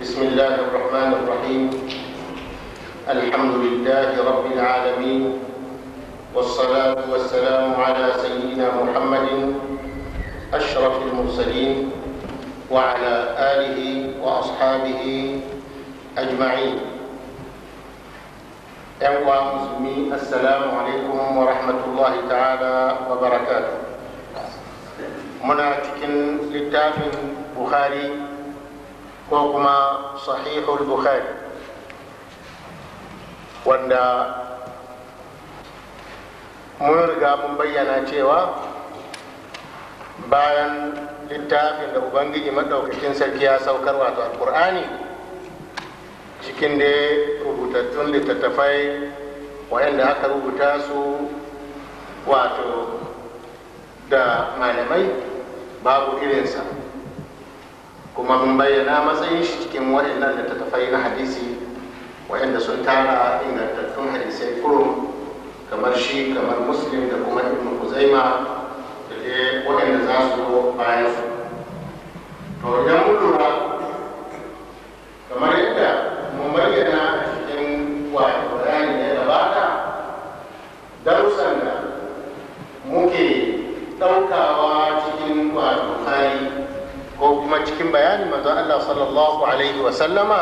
بسم الله الرحمن الرحيم الحمد لله رب العالمين والصلاة والسلام على سيدنا محمد أشرف المرسلين وعلى آله وأصحابه أجمعين أيها المسلمين السلام عليكم ورحمة الله تعالى وبركاته منا cikin بخاري ko kuma sahihul bukhari wanda mun riga mun bayyana cewa bayan littafin da ubangiji maɗaukakin sarki ya saukar wato alkur'ani cikin da rubutattun littattafai wayanda aka rubuta su wato da malamai babu irinsa kuma mun bayyana matsayin shi cikin waɗannan littattafai na hadisi waɗanda sun tara ingantattun hadisai kurum kamar shi kamar muslim da kuma ibn kuzaima da dai waɗanda za su bayan su to idan mun kamar yadda mun bayyana a cikin wato bayani da bata darussan da muke ɗaukawa cikin wato ko kuma cikin bayani manzon Allah sallallahu alaihi wa sallama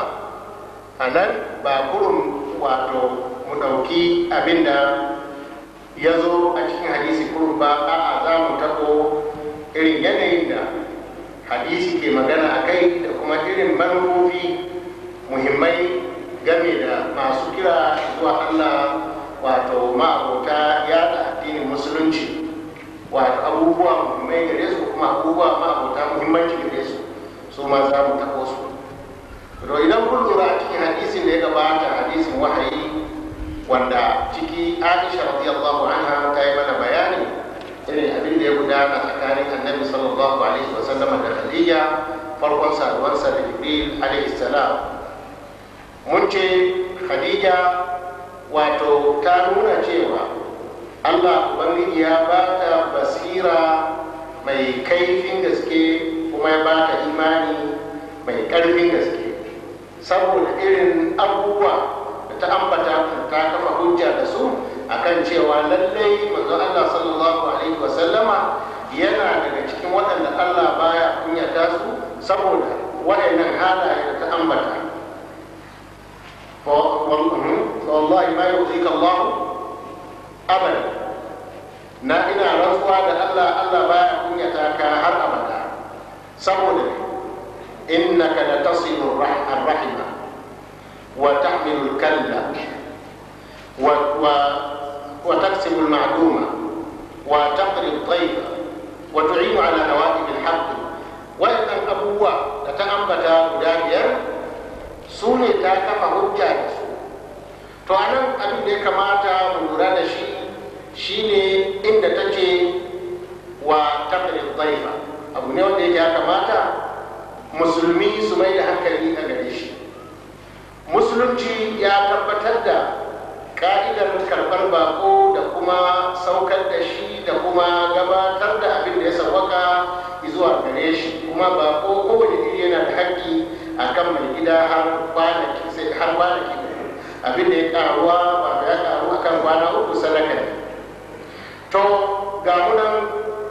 a ba kurun wato mu ɗauki abinda ya zo a cikin hadisi kurun ba a za mu taɓo irin yanayin da hadisi ke magana a kai da kuma irin manufofi muhimmai game da masu kira zuwa Allah wato ma'abota da addinin musulunci wato abubuwa muhimmai gare su kuma abubuwa ma abota muhimmanci gare su su ma za mu su to idan kun lura a cikin hadisin da ya gabata hadisin wahayi wanda ciki aisha radiyallahu anha ta yi mana bayani irin abin da ya gudana tsakanin annabi sallallahu alaihi wa sallam da khadija farkon saduwarsa da jibril alaihi salam mun ce khadija wato ta nuna cewa allah ubangiji ya ta basira mai kaifin gaske kuma ya ta imani mai karfin gaske saboda irin abubuwa da ta ambata ta kafa hujja da su akan cewa lallai manzo allah sallallahu alaihi wasallama yana daga cikin waɗanda allah baya kunyata su saboda waɗannan halaye da ta ambata wallahi ma yu'tika allah abada na ina rantsuwa da Allah Allah baya kunyata ka har abada saboda innaka la tasilu rahima wa tahmilu kalla wa wa wa taksibu al-ma'duma wa taqri al-tayyiba wa tu'inu ala nawaqib al-haqq wa in abuwa da ta ambata guda biyar su ne ta kafa hujja to a nan abin da ya kamata mu lura da shi shine inda ta ce wa taqrir zaifa abu ne wanda ya kamata musulmi su mai da hankali a gare shi musulunci ya tabbatar da ka'idar karɓar bako da kuma saukar da shi da kuma gabatar da abin da ya sauwaka zuwa gare shi kuma bako kowane iri yana da haƙƙi kan mai gida har kwanaki har kwanaki abin da ya karuwa ba da ya karu kan kwana uku sadaka ne to ga munan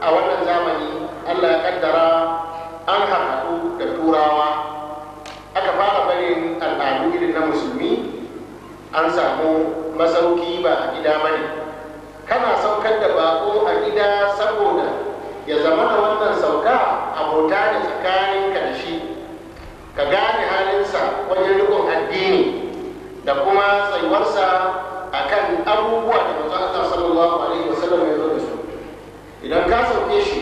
a wannan zamani allah ya kaddara an haɗu da turawa aka fara barin al'adu irin na musulmi an samu masauki ba a gida bane kana saukar da bako a gida saboda ya zama da wannan sauka a bauta da tsakaninka da shi ka gane halinsa wajen rikon addini da kuma tsayuwarsa kan abubuwa da manzo Allah sallallahu alaihi wasallam ya zo da su idan ka sauke shi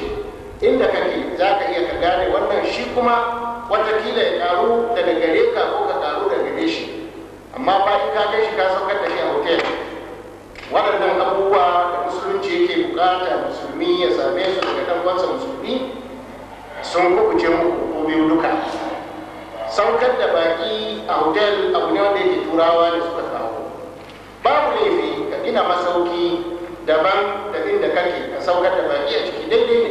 inda kake za ka iya ka gane wannan shi kuma watakila ya karu daga gare ka ko ka karu daga gare shi amma ba in ka kai shi ka saukar da shi a hotel waɗannan abubuwa da musulunci yake bukata musulmi ya same su daga ɗan musulmi sun kukuce muku ko biyu duka saukar da baki a hotel abu ne wanda yake turawa da suka kawo babu laifi ka gina masauki daban da inda kake ka saukar da baki a ciki daidai ne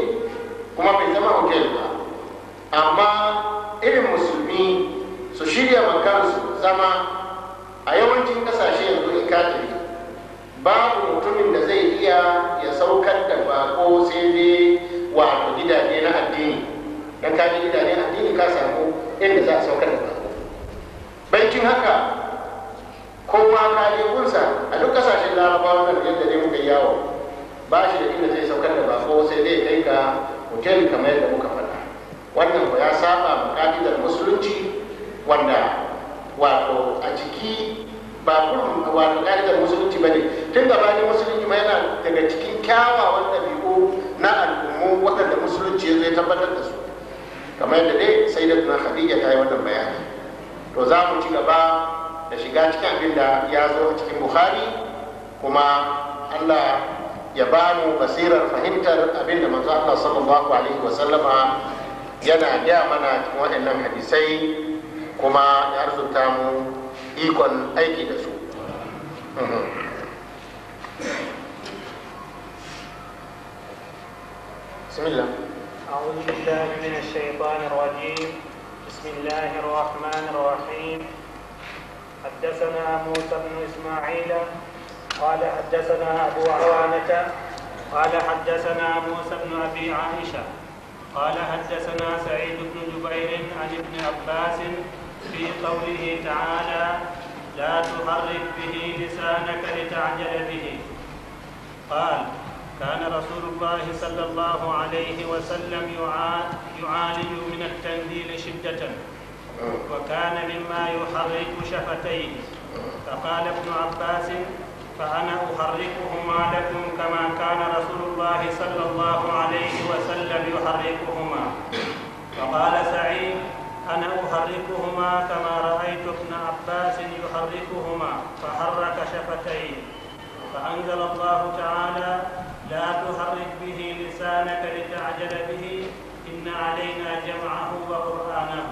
kuma bai zama hotel ba amma irin musulmi su shirya makansu zama a yawancin kasashe yanzu in ka babu mutumin da zai iya ya saukar da bako sai dai wato gidaje na addini dan ka bi gidanen addini ka samu inda za a saukar da bako bankin haka ko ma ka je kunsa a duk kasashen larabawa nan yadda ne muka yawo ba shi da inda zai saukar da bako sai dai kai ka hotel kamar yadda muka faɗa wannan ya saba ma musulunci wanda wato a ciki ba kullum wato ka'idar musulunci ba ne tun da bayan musulunci ma yana daga cikin kyawawan ɗabi'u na al'ummu waɗanda musulunci ya zai tabbatar da su kamar yadda dai sai da tunan khadija ta yi wannan bayani to za mu ci gaba da shiga cikin abin da ya zo a cikin bukhari kuma allah ya ba mu basirar fahimtar abin da manzo allah sallallahu alaihi wa sallama yana gaya mana cikin waɗannan hadisai kuma ya arzuta mu ikon aiki da su أعوذ بالله من الشيطان الرجيم بسم الله الرحمن الرحيم حدثنا موسى بن إسماعيل قال حدثنا أبو عوانة قال حدثنا موسى بن أبي عائشة قال حدثنا سعيد بن جبير عن ابن عباس في قوله تعالى لا تحرك به لسانك لتعجل به قال كان رسول الله صلى الله عليه وسلم يعالج من التنديل شدة وكان مما يحرك شفتيه فقال ابن عباس فأنا أحركهما لكم كما كان رسول الله صلى الله عليه وسلم يحركهما فقال سعيد أنا أحركهما كما رأيت ابن عباس يحركهما فحرك شفتيه فأنزل الله تعالى لا تحرك به لسانك لتعجل به إن علينا جمعه وقرآنه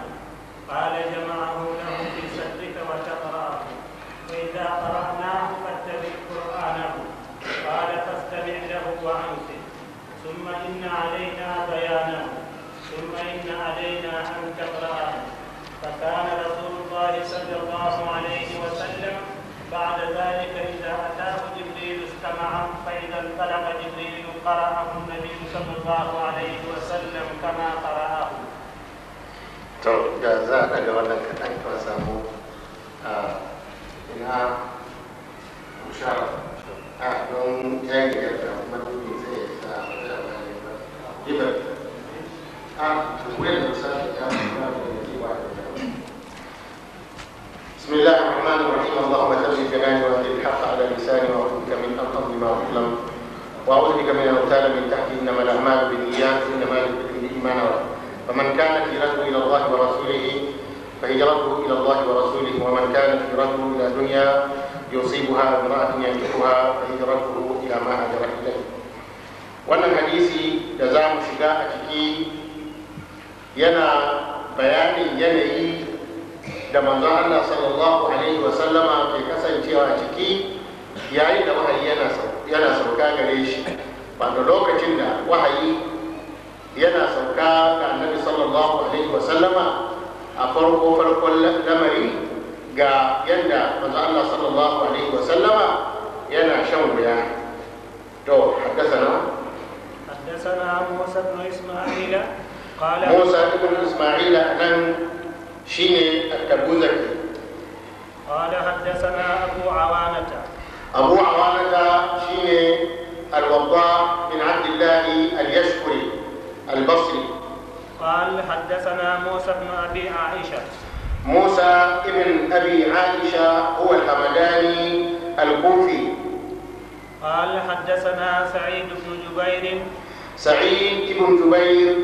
قال جمعه له في صدرك وتقرأه فإذا قرأناه فاتبع قرآنه قال فاستمع له وأنصت ثم إن علينا بيانه ثم إن علينا أن تقرأه فكان رسول الله صلى الله عليه وسلم بعد ذلك إذا أتاه جبريل معهم فإذا انطلق جبريل قرأه النبي صلى الله عليه وسلم كما قرأه. to da za a daga wannan kaɗan ka samu ina musharraf a don jangiyar da madubi zai sa a wajen bayan ba. Ibar a tukwai da musamman ya fi بسم الله الرحمن الرحيم اللهم ثبت جناني واهدني الحق على لساني واعوذ بك من ان اظلم ما اظلم واعوذ بك من ان من تحتي انما الاعمال بالنيات انما لكل ما نوى فمن كانت هجرته الى الله ورسوله فهجرته الى الله ورسوله ومن كانت هجرته الى دنيا يصيبها امراه ينجحها فهجرته الى ما هجر اليه وانا الحديث da za ينا بيان a da manzon Allah sallallahu alaihi wa sallama ke kasancewa a ciki yayin da wahayi yana sauka gare shi wanda lokacin da wahayi yana sauka ga annabi sallallahu alaihi wa sallama a farko farkon lamari ga yadda manzon Allah sallallahu alaihi wa sallama yana shan wuya to haddasana حدثنا موسى بن اسماعيل قال موسى بن اسماعيل شيني التبوذك قال حدثنا أبو عوانة أبو عوانة شيني الوضاء بن عبد الله اليشكري البصري قال حدثنا موسى بن أبي عائشة موسى بن أبي عائشة هو الهمداني الكوفي قال حدثنا سعيد بن جبير سعيد بن جبير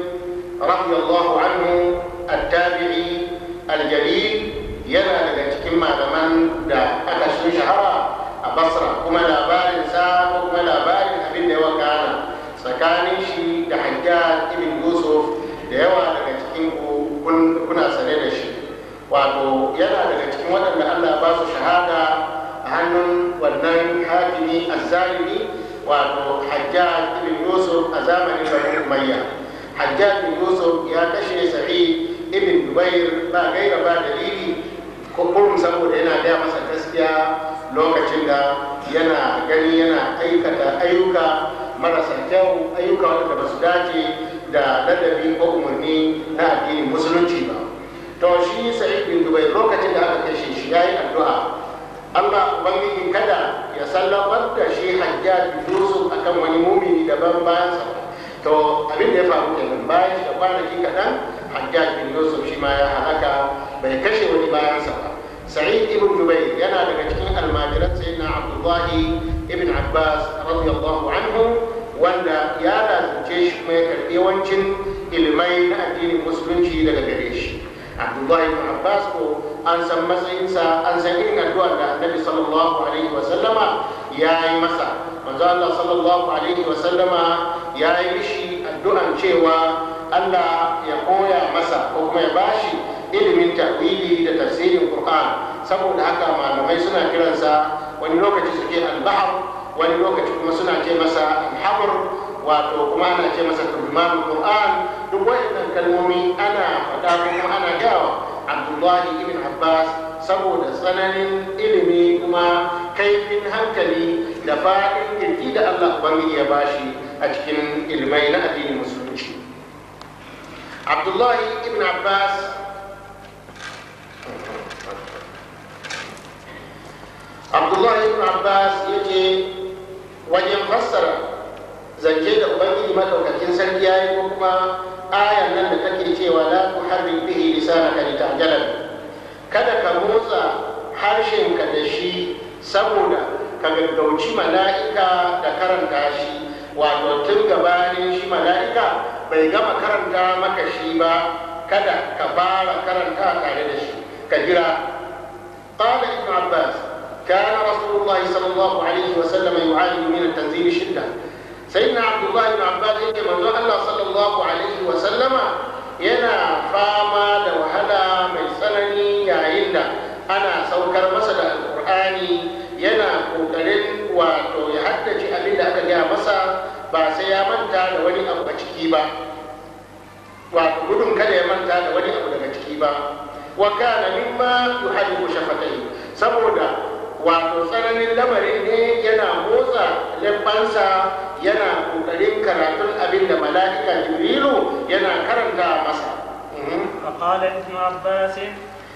رضي الله عنه التابعي aljali yana daga cikin malaman da aka shi shahara a basra kuma labarinsa ko kuma labarin abin da ya wakana tsakanin shi da hajjar ibn yusuf da yawa daga cikin kuna sane da shi wato yana daga cikin waɗanda allah ba su shahada a hannun wannan hakimi azzalimi wato hajjar ibn yusuf a zamanin bani umayya hajjar ibn yusuf ya kashe sa'id ibn dubair ba gaira ba dalili ko kurum saboda yana gaya masa gaskiya lokacin da yana gani yana aikata ayyuka marasa kyau ayyuka wadda ba su dace da ladabi ko umarni na addinin musulunci ba to shi sa'id bin dubai lokacin da aka kashe shi yayi addu'a Allah ubangiji kada ya sallamar da shi hajjaji dusu akan wani mumini daban bayan sa to abin da ya faru nan bayan da kwanaki kaɗan hajjaj bin yusuf shi ma ya halaka bai kashe wani bayansa ba sa'id ibn jubair yana daga cikin almajiran na abdullahi ibn abbas radiyallahu anhu wanda ya lazumce shi kuma ya karɓi yawancin ilmai na addinin musulunci daga gare shi abdullahi ibn abbas ko an san matsayinsa an san irin addu'ar da annabi sallallahu alaihi wa sallama ya yi masa manzo Allah sallallahu alaihi wa sallama ya yi mishi addu'an cewa Allah ya koya masa ko kuma ya bashi ilimin tawili da tafsirin Qur'an saboda haka malamai suna kiransa wani lokaci suke al wani lokaci kuma suna ce masa al wato kuma ana ce masa turman qur'an duk wayannan kalmomi ana fada kuma ana gawa abdullahi ibn abbas saboda tsananin ilimi kuma kaifin hankali da faɗin kirki da allah ubangiji ya bashi a cikin ilmai na addinin musulunci abdullahi ibn abbas abdullahi ibn abbas yake wajen fassara zance da ubangiji madaukakin sarki ya yi ko kuma ayan nan da kake cewa la tuharrik bihi lisanaka litajala kada ka motsa harshenka da shi saboda ka gaggauci mala'ika da karanta shi wato tun gabanin shi mala'ika bai gama karanta maka shi ba kada ka fara karanta tare da shi ka jira قال ابن عباس كان رسول الله صلى الله عليه وسلم يعاني من التنزيل شده sai na abdullahi ibn abbas yake manzon allah sallallahu alaihi wa sallama yana fama da wahala mai tsanani yayin da ana saukar masa da alkur'ani yana kokarin wato ya haddace abin da aka gaya masa ba sai ya manta da wani abu a ciki ba wato gudun kada ya manta da wani abu daga ciki ba wa kana mimma yuhadiku shafatai saboda wato tsananin ne yana motsa yana kokarin karatun abin da mala'ika jibrilu yana karanta masa mhm. فقال ابن عباس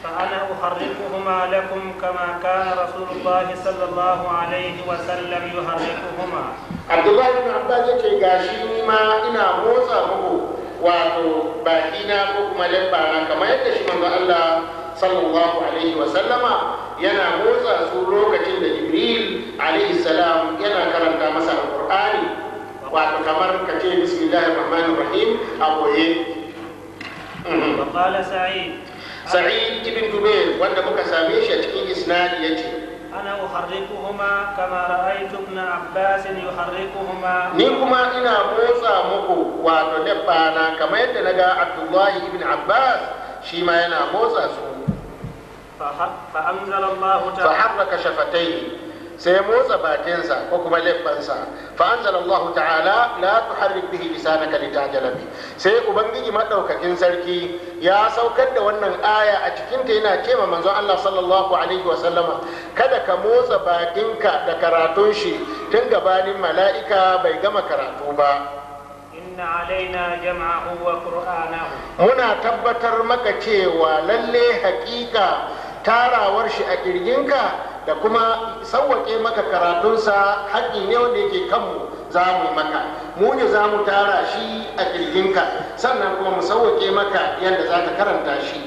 فأنا أحركهما لكم كما كان رسول الله صلى الله عليه وسلم يحركهما عبد الله بن عباس يتي غاشي ما إنا موسى هو واتو باكينا كما يبعنا كما يتشمن الله sallallahu alaihi wasallama yana motsa su lokacin da jibril alaihi salam yana karanta masa alqur'ani wato kamar ka ce bismillahir rahmanir rahim a koye mhm. sa'id ibn jubair wanda muka same shi a cikin isnadi yace أنا أحركهما كما رأيت ابن عباس يحركهما نيكما إنا موسى مكو ga نبانا كما يتنقى عبد الله عباس shi ma yana motsa su fa'arraka shafatai sai ya motsa bakinsa ko kuma leɓɓansa fa'anzala Allah ta'ala la tuharrik bihi lisanaka litajala jalabi. sai ubangiji maɗaukakin sarki ya saukar da wannan aya a cikinta yana cewa manzon Allah sallallahu alaihi wa sallama kada ka motsa bakinka da karatun shi tun gabanin mala'ika bai gama karatu ba muna tabbatar maka cewa lalle hakika tarawar shi a kirginka da kuma sauwaƙe maka karatunsa haƙƙi ne wanda yake kanmu za mu maka mu ne za mu tara shi a kirginka sannan kuma mu sauwaƙe maka yadda za ka karanta shi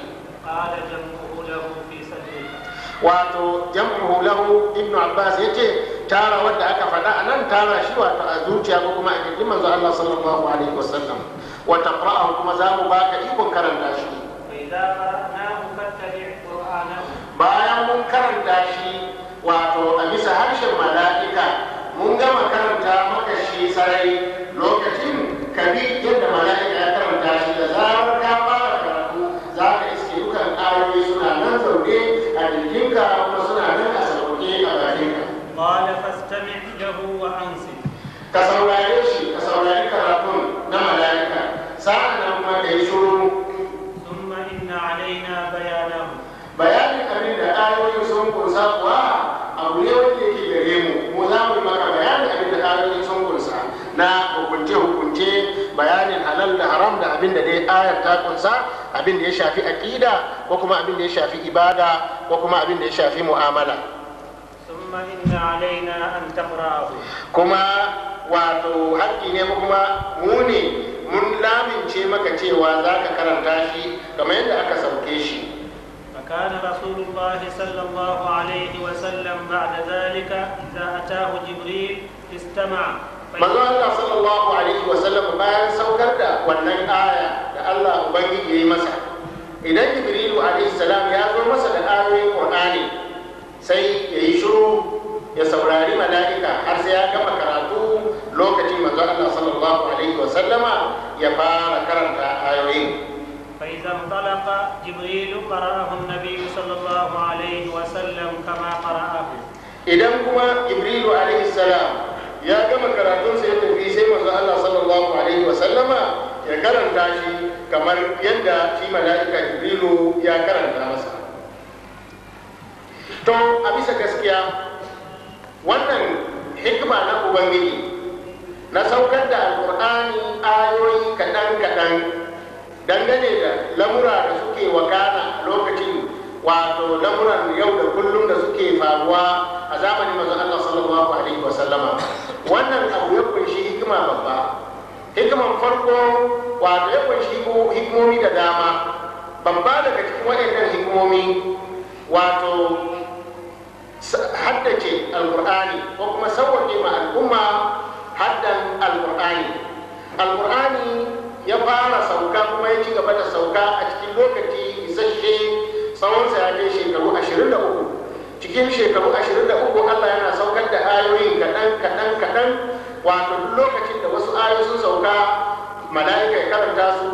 wato jam'uhu lahu ibnu abbas yace tara wanda aka faɗa a nan tara shi wato a zuciya ko kuma a kirkin manzo Allah sallallahu alaihi wasallam wa taqra'ahu kuma za mu baka ikon karanta shi bayan mun karanta shi wato a bisa harshen mala'ika mun gama karanta maka shi sarai lokacin kabi قال فاستمع له وانصت كسرنا يشي كسرنا لك ربنا نما لك سعنا ما كيشرون ثم إن علينا بيانه بيان كمين دعاية يسون كنسا وا أبو يوكي كيريمو مزام المكا بيان كمين دعاية يسون كنسا نا وكنتي وكنتي بيان الحلال الحرام ده أبين دعاية آية تاكنسا أبين يشافي أكيدا وكما أبين يشافي إبادة وكما أبين يشافي مؤاملة Kuma wato haƙƙi ne kuma mu ne mun lamince maka cewa za ka karanta shi kamar yadda aka sauke shi فكان رسول الله صلى الله عليه وسلم بعد ذلك إذا أتاه جبريل استمع wa sallam bayan saukar da wannan aya da Allah ubangiji ya yi masa idan Jibrilu alaihi ya zo masa da ayoyin Qur'ani sai ya yi shiru ya saurari mala'ika har sai ya gama karatu lokacin manzo Allah sallallahu alaihi wa sallama ya fara karanta ayoyin فإذا انطلق جبريل قرأه النبي صلى الله عليه وسلم كما قرأه idan kuma jibrilu alaihi salam ya gama karatun sai ya tafi sai manzo Allah sallallahu alaihi Sallama ya karanta shi kamar yadda shi mala'ika jibrilu ya karanta masa to a bisa gaskiya wannan hikima na ubangiji na saukar da alkur'ani ayoyi kaɗan-kaɗan dangane da lamura da suke wakana lokacin wato lamuran yau da kullum da suke faruwa a zamanin mazan Allah sallallahu alaihi wa wannan abu ya kunshi hikima babba hikiman farko wato ya kunshi hikimomi da dama babba daga cikin waɗannan hikimomi wato haddace alkur'ani ko kuma sauwaƙe ma al'umma haddan alkur'ani alkur'ani ya fara sauka kuma ya ci gaba da sauka a cikin lokaci isasshe tsawonsa ya kai shekaru 23 cikin shekaru 23 allah yana saukar da ayoyi kaɗan kaɗan kaɗan wato duk lokacin da wasu ayoyi sun sauka mala'ika ya karanta su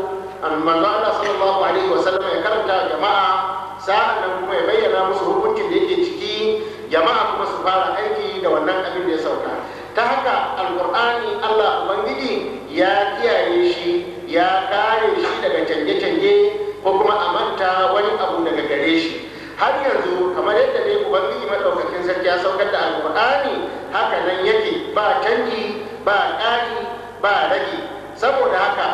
manzo allah sallallahu alaihi wasallam ya karanta jama'a sa'an nan kuma ya bayyana musu hukuncin da yake ciki jama'a kuma su fara aiki da wannan abin da ya sauka ta haka alkur'ani allah ubangiji ya kiyaye shi ya kare shi daga canje-canje ko kuma a manta wani abu daga gare shi har yanzu kamar yadda ne ubangiji madaukakin sarki ya saukar da alkur'ani haka nan yake ba canji ba ƙari ba rage saboda haka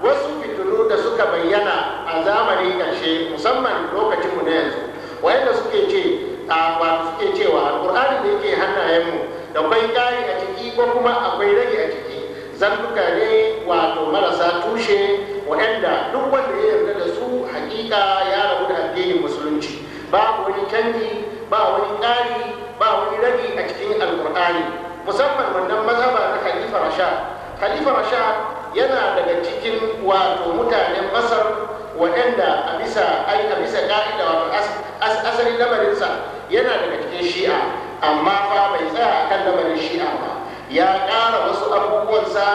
wasu fitilu da suka bayyana a zamani ƙarshe musamman lokacinmu na yanzu wayanda suke ce wato suke cewa alkur'ani da yake hannayenmu da kwai ƙari a ciki ko kuma akwai rage a ciki zantuka ne wato marasa tushe waɗanda duk wanda ya yarda da su hakika ya rabu da addinin musulunci Ba wani canji ba wani ƙari ba wani rage a cikin alkur'ani musamman wannan mazhaba na khalifa rashad khalifa rashad yana daga cikin wato mutanen masar waɗanda a bisa ai a bisa ka'ida wato asali lamarinsa yana daga cikin shi'a amma fa bai tsaya a kan lamarin shi'a ba ya ƙara wasu abubuwansa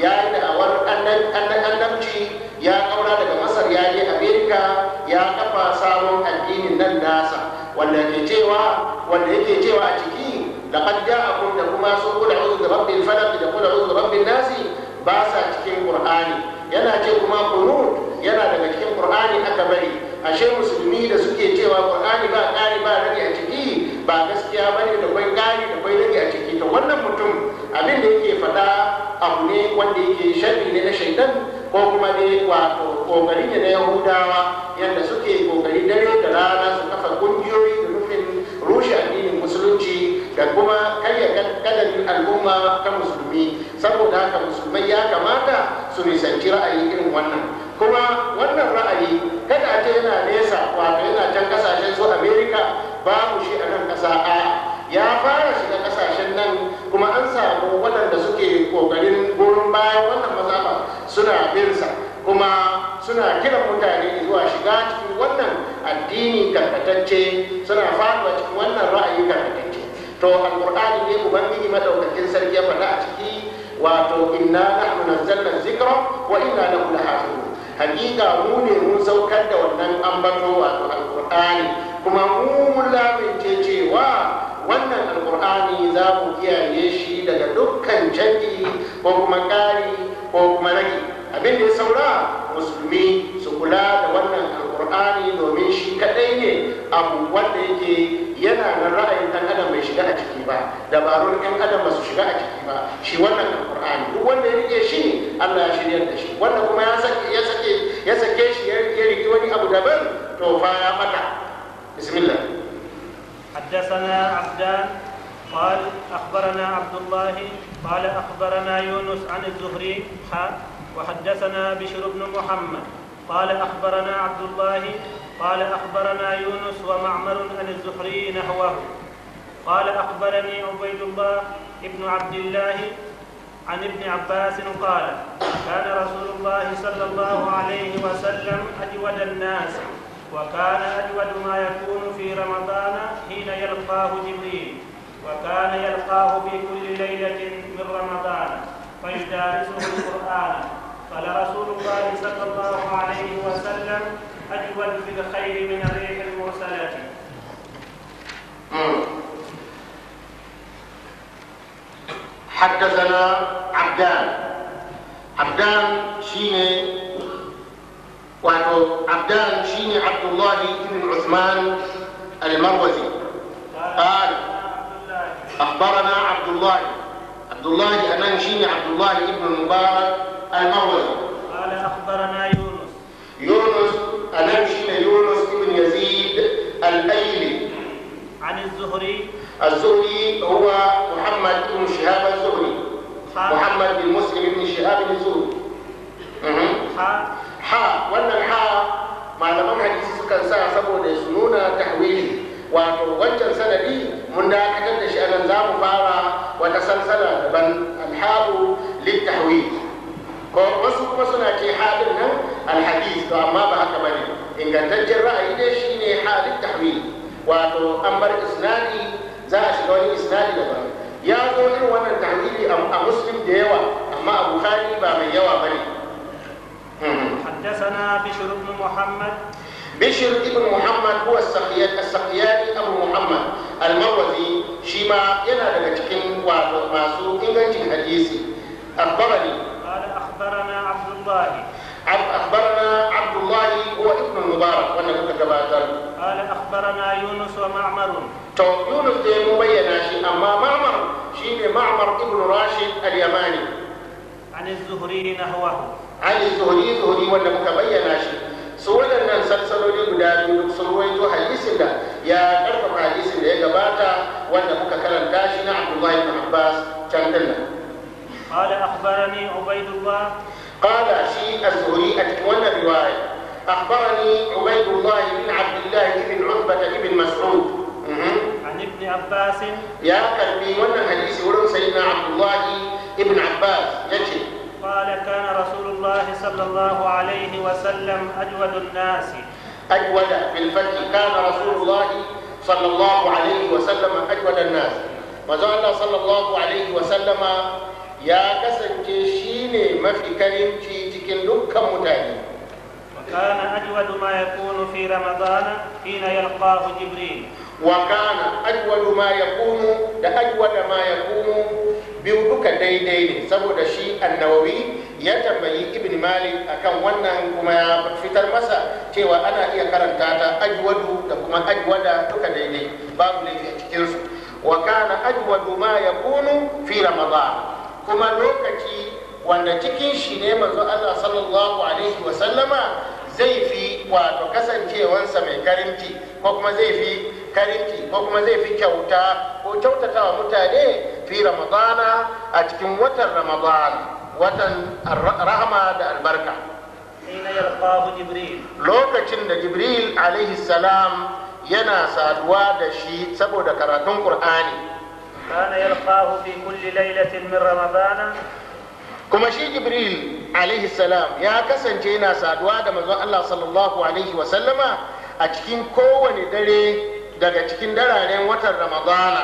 ya yi da'awar annabci ya ƙaura daga masar ya yi amerika ya kafa sabon addinin nan nasa wanda ke cewa wanda yake cewa a ciki da laqad ja'akum da kuma sun kula uzu da rabbin falak da kula uzu da rabbin nasi ba sa cikin qur'ani yana ce kuma qunut yana daga cikin qur'ani aka bari ashe musulmi da suke cewa qur'ani ba ƙari ba rage a ciki ba gaskiya ne da kwai ƙari da kwai rage a ciki to wannan mutum abin da yake faɗa abu ne wanda yake sharri ne na shaidan ko kuma ne wato kokari ne na yahudawa yadda suke kokari dare da rana su kafa kungiyoyi da nufin rushe addinin musulunci da kuma karya kadarin al'umma ta musulmi saboda haka musulmai ya kamata su nisanci ra'ayi irin wannan kuma wannan ra'ayi kada ce yana nesa wato yana can kasashen su amerika babu shi a nan kasa a ya fara shiga kasashen nan kuma an samu waɗanda suke ƙoƙarin gurin bayan wannan mazaba suna binsa kuma suna kiran mutane zuwa shiga cikin wannan addini karkatacce suna faruwa cikin wannan ra'ayi karkatacce to alƙur'ani ne ubangiji madaukakin sarki ya faɗa a ciki wato inna nahnu nazzalna dhikra wa inna lahu lahafizun hakika mu ne mun saukar da wannan ambato wato alkur'ani kuma mu mun cewa wannan alkur'ani za mu kiyaye shi daga dukkan canji ko kuma kari ko kuma rage abin da ya saura musulmi su kula da wannan alkur'ani domin shi kadai ne abu wanda yake yana nan ra'ayin dan adam bai shiga a ciki ba dabarun yan adam ba su shiga a ciki ba shi wannan alkur'ani duk wanda ya rike shi Allah ya shirya da shi wanda kuma ya sake ya sake ya sake shi ya rike wani abu daban to fa ya mata bismillah حدثنا عبدان قال أخبرنا عبد الله قال أخبرنا يونس عن الزهري وحدثنا بشر بن محمد قال أخبرنا عبد الله قال أخبرنا يونس ومعمر عن الزهري نحوه قال أخبرني عبيد الله ابن عبد الله عن ابن عباس قال كان رسول الله صلى الله عليه وسلم أجود الناس وكان أجود ما يكون في رمضان حين يلقاه جبريل وكان يلقاه في كل ليلة من رمضان فيدارسه القرآن قال رسول الله صلى الله عليه وسلم أجود الخير من الريح المرسلات حدثنا عبدان عبدان شيني وعبدان عبدان شيني عبد الله بن عثمان المروزي قال أخبرنا عبد الله عبد الله شيني عبد الله بن المبارك المروزي قال أخبرنا يونس يونس شيني يونس بن يزيد الأيلي عن الزهري الزهري هو محمد بن شهاب الزهري محمد بن مسلم بن شهاب الزهري حا حا وأن ha malaman حديث sukan ساعة سبعة su nuna wato wancan sanadi mun dakatar da shi anan za mu fara wata salsala daban alhabu littahwi ko wasu kuma suna ce halin nan alhadis to amma ba haka bane ingantaccen ra'ayi dai shine halin tahwi wato an bar isnadi za a shiga wani isnadi daban ya zo irin wannan tahwili a muslim da yawa amma a bukhari ba mai yawa bane حدثنا بشر بن محمد بشر ابن محمد هو السقياني السقياني ابو محمد المروزي شيما ينا دا cikin واتو ماسو ingancin حديثي اخبرني قال اخبرنا عبد الله اخبرنا عبد الله هو ابن المبارك وانا كنت كباتا قال اخبرنا يونس ومعمر تو يونس دي مبينا شي اما معمر شيما معمر ابن راشد اليماني عن الزهري نحوه عن الزهري زهري وانا كنت بينا شي guda biyu sun ruwaito hadisin da ya karfafa hadisin da ya gabata wanda muka karanta shi na Abdullah ibn Abbas can din nan قال أخبرني عبيد الله قال شيء الزهري أتكون رواية أخبرني عبيد الله بن عبد الله بن عتبة بن مسعود عن ابن عباس يا قلبي وانا حديث ورم سيدنا عبد الله ابن عباس يجي قال كان رسول الله صلى الله عليه وسلم أجود الناس أجود الفتح كان رسول الله صلى الله عليه وسلم أجود الناس صلى الله عليه وسلم يا sallama ya ما في كريم في تكن dukkan متاني وكان أجود ما يكون في رمضان حين يلقاه جبريل وكان أجود ما يكون da ajwada ma ya kumu biyu duka daidai ne saboda shi annawawi ya tambayi ibn malik akan wannan kuma ya fitar masa cewa ana iya karanta ta ajwadu da kuma ajwada duka daidai babu laifi a cikinsu wa kana ajwadu ma ya kunu fi ramadan kuma lokaci wanda cikin shi ne manzo Allah sallallahu alaihi wa sallama zai fi wato kasancewansa mai karimci ko kuma zai fi karimci ko kuma zai fi kyauta ko kyautatawa mutane fi ramadana a cikin watan watan rahama da albarka lokacin da jibril alaihi salam yana saduwa da shi saboda karatun qur'ani kana yalqahu fi kulli lailatin min ramadana kuma shi jibril alaihi salam ya kasance yana saduwa da manzon Allah sallallahu alaihi wa sallama a cikin kowane dare daga cikin dararen watan ramadana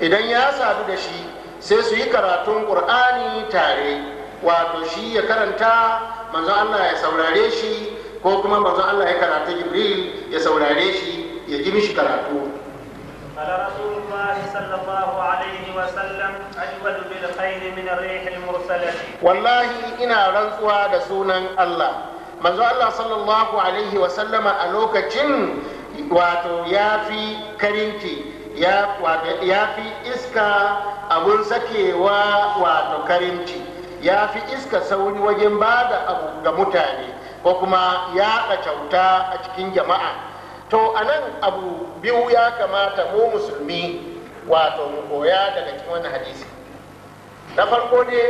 idan ya sadu da shi sai su yi karatun qur'ani tare wato shi ya karanta manzon Allah ya saurare shi ko kuma manzon Allah ya karanta jibril ya saurare shi ya ji mishi karatu قال رسول الله صلى الله عليه وسلم أجود بالخير من الريح المرسلة والله إنا رنسوا دسونا الله manzo Allah sallallahu alaihi wa sallama a lokacin wato ya fi karinki ya fi iska abun sakewa wato karinci ya fi iska sauri wajen ba da abu ga mutane ko kuma ya kyauta a cikin jama'a to a nan abu biyu ya kamata mu musulmi wato mu koya daga cikin wani hadisi na farko ne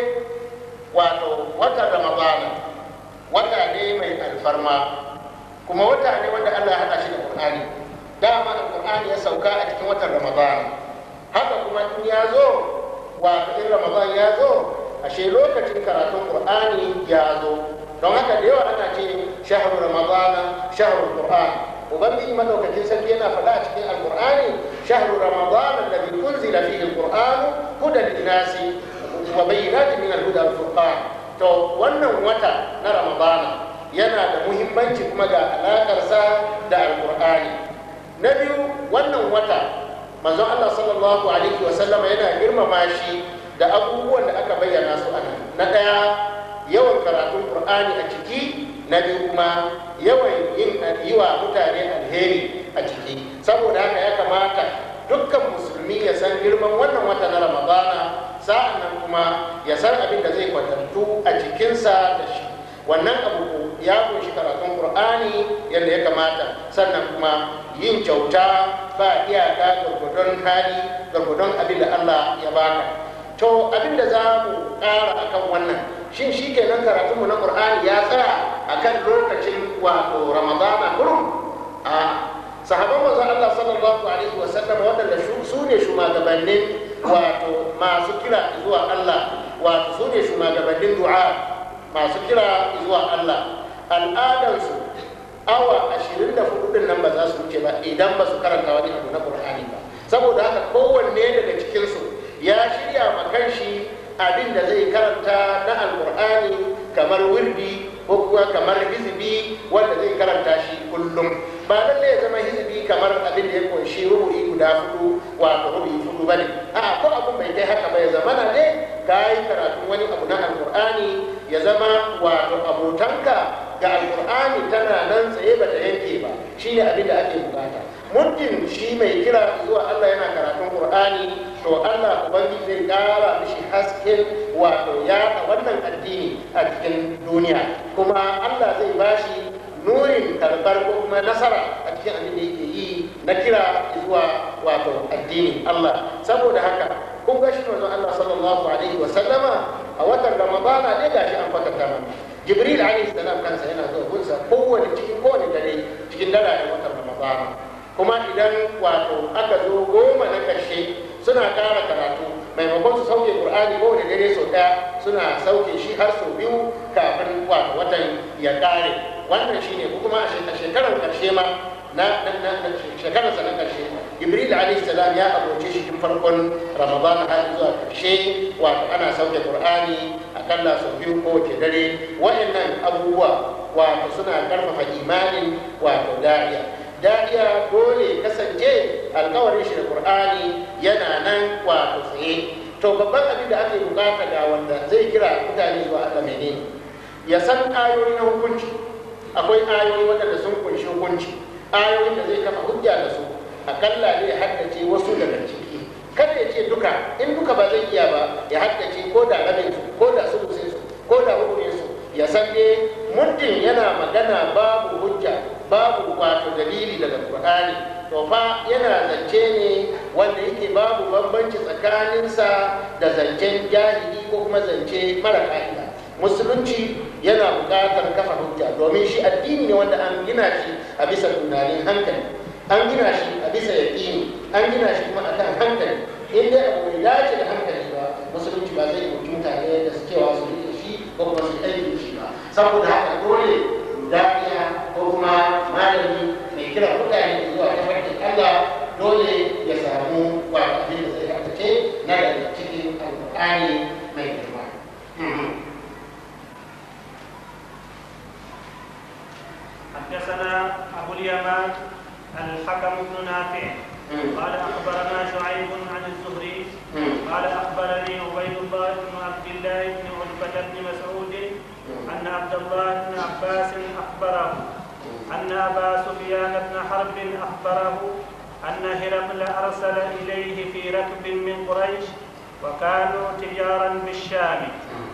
wato wata ramadana wata ne mai alfarma kuma wata ne wanda allah ya shi da ƙur'ani dama da alƙur'ani ya sauka a cikin watan ramadana haka kuma in ya zo wato in ramadan ya zo ashe lokacin karatun ƙur'ani ya zo don haka da yawa ana ce shahar ramadana shahar ƙur'ani ubangiji madaukakin sarki yana faɗa a cikin alkur'ani shahru ramadan alladhi unzila fihi alqur'an hudan nasi. wa bayyinatin min alhuda alfurqan to wannan wata na ramadan yana da muhimmanci kuma ga alakarsa da alqur'ani na biyu wannan wata manzon Allah sallallahu alaihi wa sallama yana girmama shi da abubuwan da aka bayyana su a nan na daya yawan karatun qur'ani a ciki na biyu kuma yawan yin yi wa mutane alheri a ciki saboda haka ya kamata dukkan musulmi ya san girman wannan wata na ramadana sa'an nan kuma ya san abin da zai kwatantu a jikinsa da shi wannan abu ya kunshi karatun qur'ani yadda ya kamata sannan kuma yin kyauta ba iyaka gargadon hali gargadon abin da allah ya baka to abinda za mu ƙara akan wannan shin shi kenan karatunmu na ƙur'ani ya tsaya akan lokacin wato ramadana kurum a sahaban manzon Allah sallallahu alaihi wa sallam waɗanda su ne shugabannin wato masu kira zuwa Allah wato su ne shugabannin du'a masu kira zuwa Allah al'adansu awa ashirin da hudu din nan ba za su wuce ba idan ba su karanta wani abu na Qur'ani ba saboda haka kowanne daga cikinsu ya shirya ma kanshi abin da zai karanta na alkur'ani kamar wirdi ko kuwa kamar hizibi wanda zai karanta shi kullum ba lalle ya zama hizbi kamar abin da ya kunshi rubu'i guda hudu wato rubu'i hudu bane a ko abin bai kai haka ba ya zama na ne yi karatu wani abu na alkur'ani ya zama wato abotanka ga alkur'ani tana nan tsaye ba ta yanke ba shi ne abin da ake bukata muddin shi mai kira zuwa Allah yana karatun qur'ani to Allah ubangiji zai ƙara mishi hasken wato yaɗa wannan addini a cikin duniya kuma Allah zai bashi nurin karbar ko kuma nasara a cikin abin da yake yi na kira zuwa wato addinin Allah saboda haka kun ga shi manzon Allah sallallahu alaihi wa sallama a watan Ramadana ne gashi an faka kama Jibril alaihi salam kansa yana zuwa gunsa kowane cikin kowane dare cikin da watan Ramadana kuma idan wato aka zo goma na ƙarshe suna ƙara karatu maimakon su sauke qur'ani ko da dare sau ɗaya suna sauke shi har sau biyu kafin wata watan ya ƙare wannan shi ne kuma a shekarar ƙarshe ma na shekarar sa na ƙarshe jibril alayhi salam ya abuce shi tun farkon ramadan har zuwa ƙarshe wato ana sauke qur'ani akalla sau biyu ko wace dare waɗannan abubuwa wato suna karfafa imanin wato da'iya dariya dole kasance alkawarin shi da Kur'ani yana nan wa tsaye to babban abin da ake bukata da wanda zai kira mutane zuwa Allah mene ya san ayoyi na hukunci akwai ayoyi waɗanda sun kunshi hukunci ayoyin da zai kafa hujja da su akalla ne ya haddace wasu daga ciki kada ya ce duka in duka ba zai iya ba ya haddace ko da rabin ko da su ko da hukumin su ya san dai muddin yana magana babu hujja babu wato dalili daga qur'ani to fa yana zance ne wanda yake babu bambanci tsakaninsa da zancen jahili ko kuma zance mara ka'ida musulunci yana buƙatar kafa hujja domin shi addini ne wanda an gina shi a bisa tunanin hankali an gina shi a bisa yaƙini an gina shi kuma akan hankali in dai abu bai dace da hankali ba musulunci ba zai mutunta ne da su cewa su ko kuma su aiki da shi ba saboda haka dole da'iya ko kuma malami mai kira mutane zuwa tafarkin Allah dole ya samu wato abin da zai haɗace na daga cikin alƙur'ani mai girma. حدثنا أبو اليمان الحكم بن نافع قال أخبرنا شعيب عن الزهري قال أخبرني عبيد الله بن عبد الله بن عقبة بن مسعود أن عبد الله بن عباس أخبره أن أبا سفيان بن حرب أخبره أن هرقل أرسل إليه في ركب من قريش وكانوا تجارا بالشام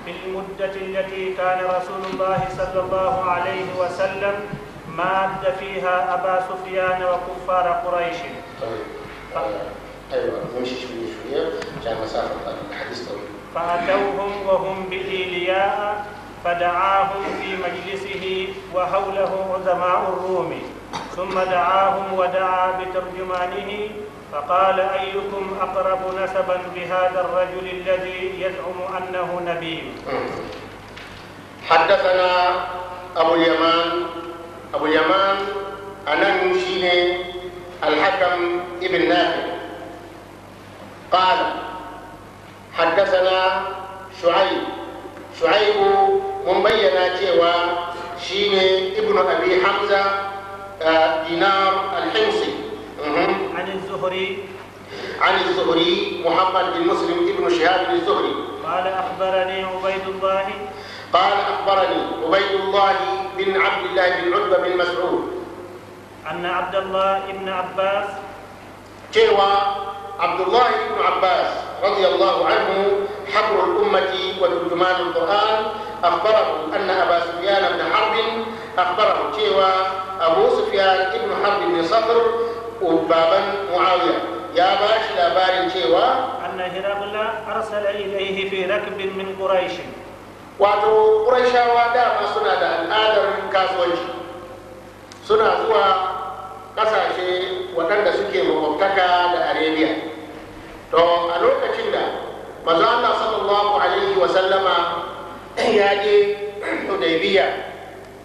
في المدة التي كان رسول الله صلى الله عليه وسلم مات فيها أبا سفيان وكفار قريش. طيب. ايوه نمشي شويه شويه عشان المسافه الحديث طويل. فأتوهم وهم بإيلياء فدعاهم في مجلسه وحوله عظماء الروم ثم دعاهم ودعا بترجمانه فقال أيكم أقرب نسبا بهذا الرجل الذي يزعم أنه نبي حدثنا أبو اليمان أبو اليمان أنا المشيني الحكم ابن نافع قال حدثنا شعيب شعيب mun bayyana cewa shine ابي حمزه آه، دينار الحمصي عن الزهري عن الزهري محمد بن مسلم ابن شهاب الزهري قال اخبرني عبيد الله قال اخبرني عبيد الله بن عبد الله بن عتبه بن مسعود ان عبد الله بن عباس cewa عبد الله بن عباس رضي الله عنه حبر الأمة وترجمان القرآن أخبره أن أبا سفيان بن حرب أخبره cewa أبو سفيان بن حرب بن صخر وبابا معاوية يا باش باري cewa أن هرقل أرسل إليه في ركب من قريش واتو ƙurashawa وادا suna آدم al'adar kasuwanci suna zuwa ƙasashe waɗanda suke makwabtaka da لأريبيا to a lokacin da manzo Allah sallallahu alaihi wa sallama ya je Hudaybiya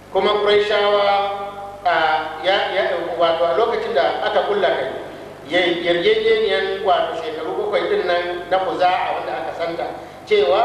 kuma a ya ya wato a lokacin da aka kulla kai yarjejeniyar wato shekaru bakwai din nan na kuza a wanda aka santa cewa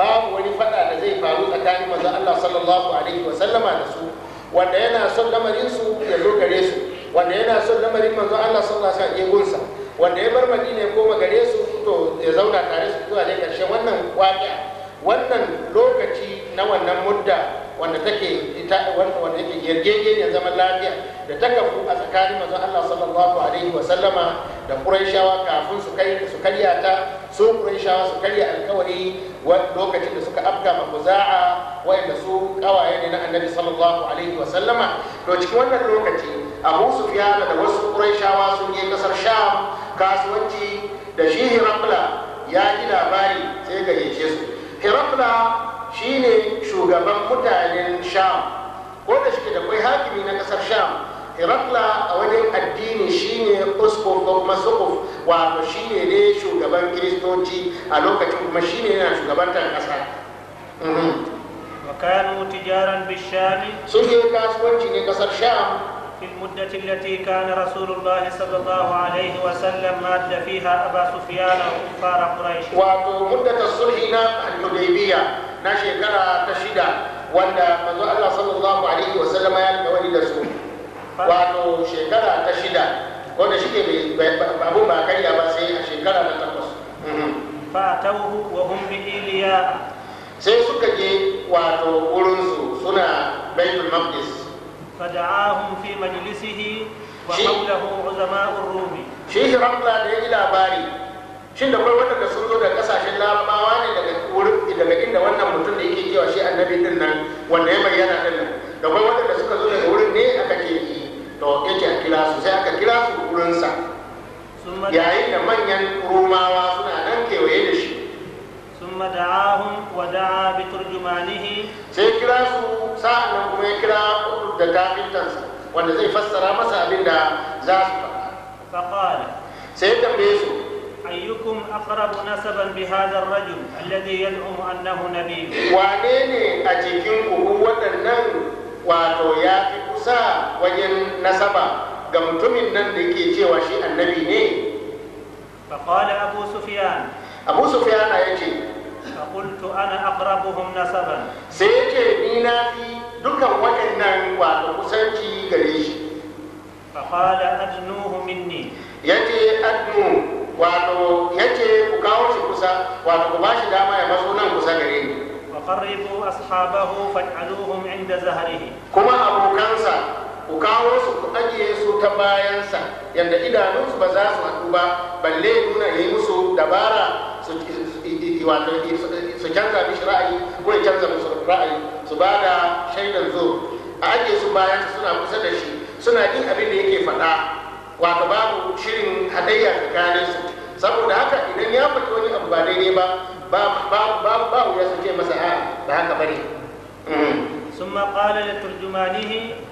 babu wani fada da zai faru tsakanin manzo Allah sallallahu alaihi wa sallama da su wanda yana son lamarin su ya zo gare su wanda yana son lamarin manzo Allah sallallahu alaihi wa sallama ya gunsa wanda ya bar madina ya koma gare su to ya zauna tare su zuwa dai karshen wannan waƙiya wannan lokaci na wannan mudda wanda take ita wanda yake ne zaman lafiya da ta kafu a tsakanin mazan Allah sallallahu alaihi wa sallama da Qurayshawa kafin su kai su karya ta su Qurayshawa su karya alkawari lokacin da suka afka ma Khuza'a wa'anda su kawaye ne na Annabi sallallahu alaihi wa sallama to cikin wannan lokaci abu sufiyana da wasu ƙuraishawa sun je ƙasar sham kasuwanci da shi hirafla ya ji labari sai gayyace su hirafla ne shugaban mutanen sham ko da shike da kwai hakimi na ƙasar sham hirafla a wajen addini shi uskuf ko kuma sukuf wato shi ne shugaban kiristoci a lokacin kuma shi ne yana shugabantar ƙasa وكانوا mhm. sun yi kasuwanci ne kasar شام في المدة التي كان رسول الله صلى الله عليه وسلم ماد فيها أبا سفيان وكفار قريش ومدة الصلح الحديبية ناشي كرا تشيدا وأن الله صلى الله عليه وسلم يلقى رسول wato shekara ta تشيدا وأن shi ne abun ba karya ba sai فأتوه وهم ta takwas fatauhu wa hum bi iliya فدعاهم في مجلسه وحوله عزماء الروم شيخ رمضان يجي لاباري shin da kai wanda sun zo daga kasashen larabawa ne daga wurin daga inda wannan mutum da yake cewa shi annabi din nan wanda ya bayyana din nan da kai wanda da suka zo daga wurin ne aka ke to yake a kira su sai aka kira su sa yayin da manyan rumawa suna nan kewaye da shi ثم دعاهم ودعا بترجمانه سيكرا سو سأنا كما يكرا دتابين تنسى وانا زي فسرا مسا بين زاسبا فقال سيدا بيسو أيكم أقرب نسبا بهذا الرجل الذي يزعم أنه نبي وانيني أجيكم هو النم واتو يافي كسا وين نسبا قمتم النم نندكي تيوى شيء النبي ني فقال أبو سفيان أبو سفيان يجي فقلت أنا أقربهم نسبا سيجي نينا في دكا وإنن وقسنتي قريش فقال أدنوه مني يجي أدنو wato yace ku kawo shi kusa wato ku bashi dama ya maso nan kusa gare ni wa qarribu ashabahu faj'aluhum inda zahrihi kuma abokansa ku kawo su ku ajiye su ta bayansa yadda idanunsu ba za su haɗu ba balle nuna yi musu dabara su wato su canza mishi ra'ayi ko ya canza musu ra'ayi su ba da shaidan zo a ake su bayan suna kusa da shi suna jin abin da yake faɗa wato babu shirin hadayya tsakanin su saboda haka idan ya faɗi wani abu ba daidai ba babu babu ya masa a ba haka bane Sun قال da قل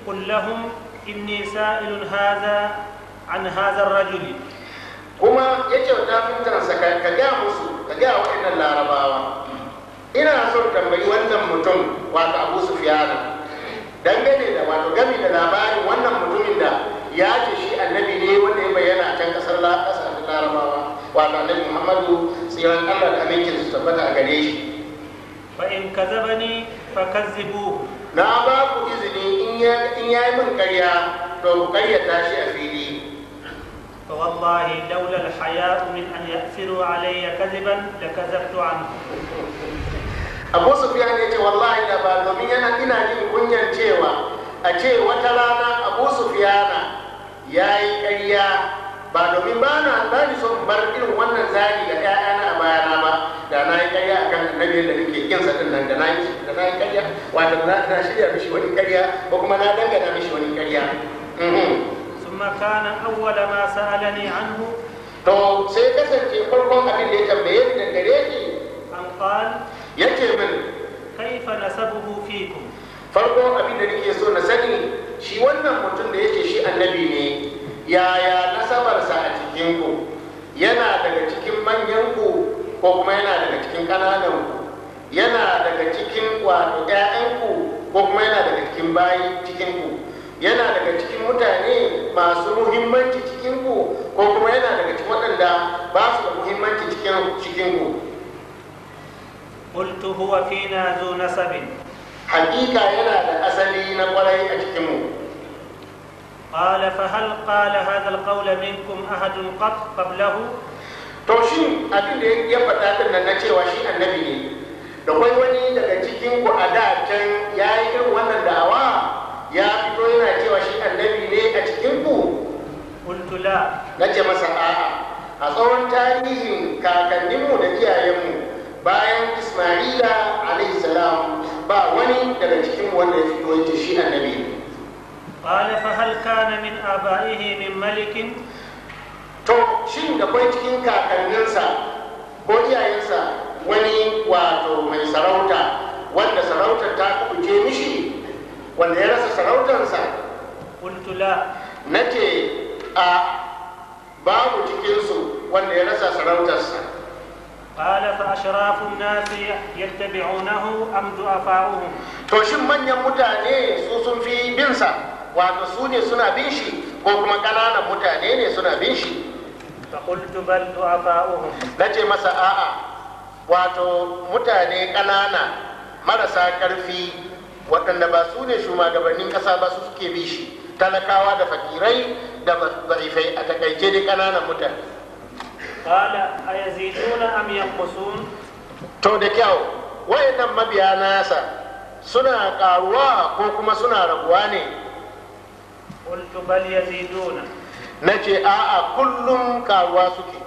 kullahun إني سائل haza, an هذا rajuli. kuma ya ce ta sa, ka gaya musu ka gaya waɗannan larabawa ina son tambayi wannan mutum wato abu sufiyanu dangane da wato gami da labarin wannan mutumin da ya ce shi annabi ne wanda ya bayyana a can kasar larabawa wato annabi muhammadu tsiran allah da amincin su tabbata a gare shi fa in ba fa zibu na ba ku izini in ya yi min karya to ku karyata shi a fili فوالله لولا الحياء من أن يأثروا علي كذبا لكذبت عنه Abu Sufyan ya ce wallahi da ba domin yana ina jin kunyar cewa a ce wata rana Abu Sufyan ya yi ƙarya ba domin ba na ba son bar irin wannan zagi ga ƴaƴana a bayana ba da na yi ƙarya a kan annabi da nake kin sa din nan da na yi da na yi ƙarya wato na shirya mishi wani ƙarya ko kuma na dangana mishi wani ƙarya mhm. ثم كان أول ما سألني عنه to sai kasance farkon abin da ya tambaye ni gare ni an qal yace min kaifa nasabuhu fikum farkon abin da nake so na sani shi wannan mutum da yake shi annabi ne yaya sa a cikin ku yana daga cikin manyan ku ko kuma yana daga cikin ƙananan ku yana daga cikin wato ƴaƴan ku ko kuma yana daga cikin bayi cikin ku yana daga cikin mutane masu muhimmanci cikin ku ko kuma yana daga cikin waɗanda ba su da muhimmanci cikin cikin ku qultu huwa fina zu nasabin hakika yana da asali na kwarai a cikin mu qala fa hal qala hadha al qawl minkum ahad qad qablahu to shin abin da ya faɗa din nan na cewa shi annabi ne da kwai wani daga cikin ku a da can yayi irin wannan da'awa ya fito yana cewa shi annabi ne a cikin ku kultula na ce masa a'a a tsawon tarihin kakanninmu da iyayenmu bayan ismaila alaihi salam ba wani daga cikin wanda ya fito yace shi annabi ne qala fa hal kana min abaihi min malikin to shin da kai cikin kakanninsa ko iyayensa wani wato mai sarauta wanda sarautar ta kubuce mishi wanda ya rasa sarautarsa qultu la nace a babu su wanda ya rasa sarautarsa قال فأشراف الناس يتبعونه أم ضعفاؤهم to shin manyan mutane su sun fi bin sa wato su ne suna bin shi ko kuma ƙananan mutane ne suna bin shi fa qultu bal du'afa'uhum nace masa a'a wato mutane ƙanana marasa ƙarfi waɗanda ba su ne shugabannin ƙasa ba su suke bi shi talakawa da fakirai da ba'ifai a takaice da ƙananan mutane a qala ayaziduna amiyan yanqusun to da kyau wayannan mabiya nasa suna ƙaruwa ko kuma suna raguwa ne qultu bal yaziduna nace a'a kullum ƙaruwa suke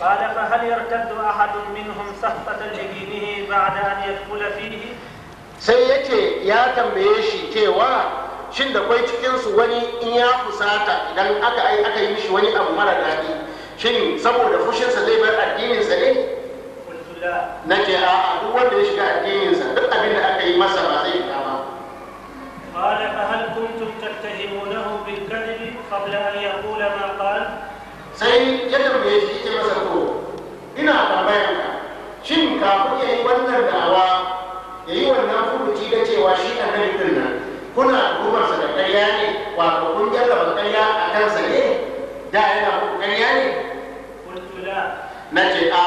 قال فهل يرتد أحد منهم سخطة لدينه بعد أن يدخل فيه sai ya ce ya tambaye shi cewa shin da kwai cikinsu wani in ya fusata idan aka ai aka yi shi wani abu mara daɗi shin saboda fushinsa zai bar addininsa ne na ce a duk wanda ya shiga addininsa duk abin da aka yi masa ba zai fita ba قال فهل كنتم تتهمونه بالكذب قبل أن يقول ما قال؟ sai ya tambaye shi ita masa ko ina tambayar shin kafin ya yi wannan dawa ya yi wannan furuci da cewa shi a din nan kuna sa da ƙarya ne wato kun jarraba ƙarya a sa ne da yana ku ƙarya ne na ce a?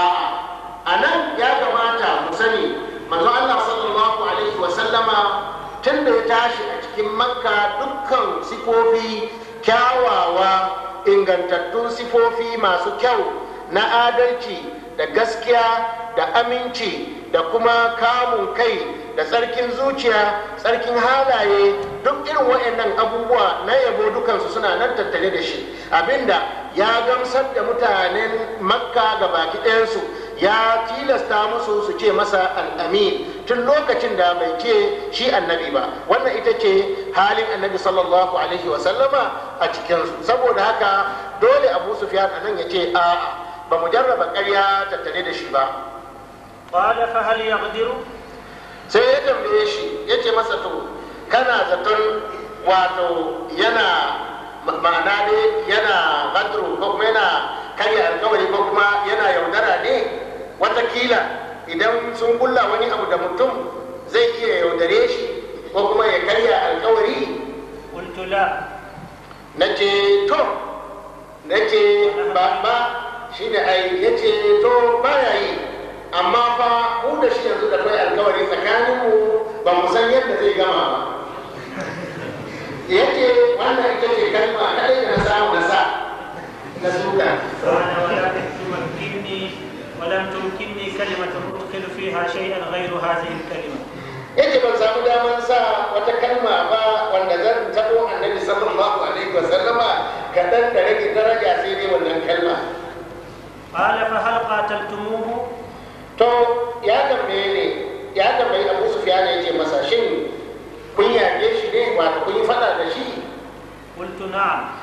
a nan ya kamata mu sani manzo Allah sallallahu alaihi wa sallama tun da ya tashi a cikin makka dukkan sifofi kyawawa ingantattun sifofi masu kyau na adalci da gaskiya da aminci da kuma kamun kai da tsarkin zuciya tsarkin halaye duk irin waɗannan abubuwa na yabo dukansu suna nan tattale da shi abinda ya gamsar da mutanen makka ga baki ɗayansu ya tilasta musu su ce masa al'amin tun lokacin da bai ce shi annabi ba wannan ita ce halin annabi sallallahu alaihi wasallama a cikinsu saboda haka dole abu sufyan a nan ya ce a'a ba mu jarraba ƙarya tattare da shi ba qala fa hal yaqdiru sai ya tambaye shi ya ce masa to kana zaton wato yana ma'ana ne yana gadru ko kuma yana karya alkawari ko kuma yana yaudara ne watakila idan sun kulla wani abu da mutum zai iya yaudare shi ko kuma ya karya alkawari na ce to na ce ba shine ai yace to baya yi amma fa mu shi yanzu da kai alkawari tsakanin ba mu san yadda zai gama ba yace wannan ce kalma kadai da na samu na na suka yake ban samu daman sa wata kalma ba wanda zan tabo annabi ba alaihi wasallama kaɗan da rage daraja sai dai wannan kalma qala fa hal qataltumuhu to ya tambaye ne ya tambayi Abu Sufyan yace masa shin kun yaƙe shi ne wato kun yi fada da shi qultu na'am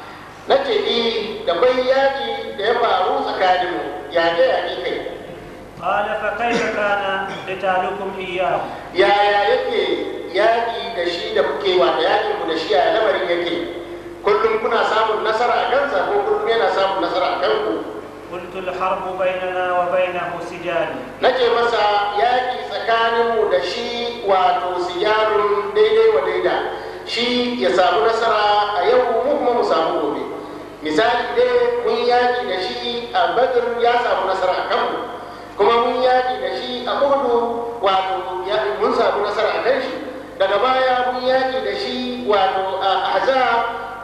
nace eh da bai yaƙi da ya faru tsakanin yaƙe yaƙe kai qala fa kaifa kana qitalukum iyyahu yaya yake yaƙi da shi da kuke wato yaƙin da shi a yake kullum kuna samun nasara a kansa ko yana samun nasara a kanku قلت الحرب بيننا وبينه سجال نجي مسا ياكي سكانه da shi wato sijarun daidai wa daida shi ya samu nasara a yau mu kuma mu samu gobe misali dai mun yaki da shi a badr ya samu nasara a kanmu kuma mun yaki da shi a uhudu wato mun samu nasara a daga baya mun yaki da shi wato a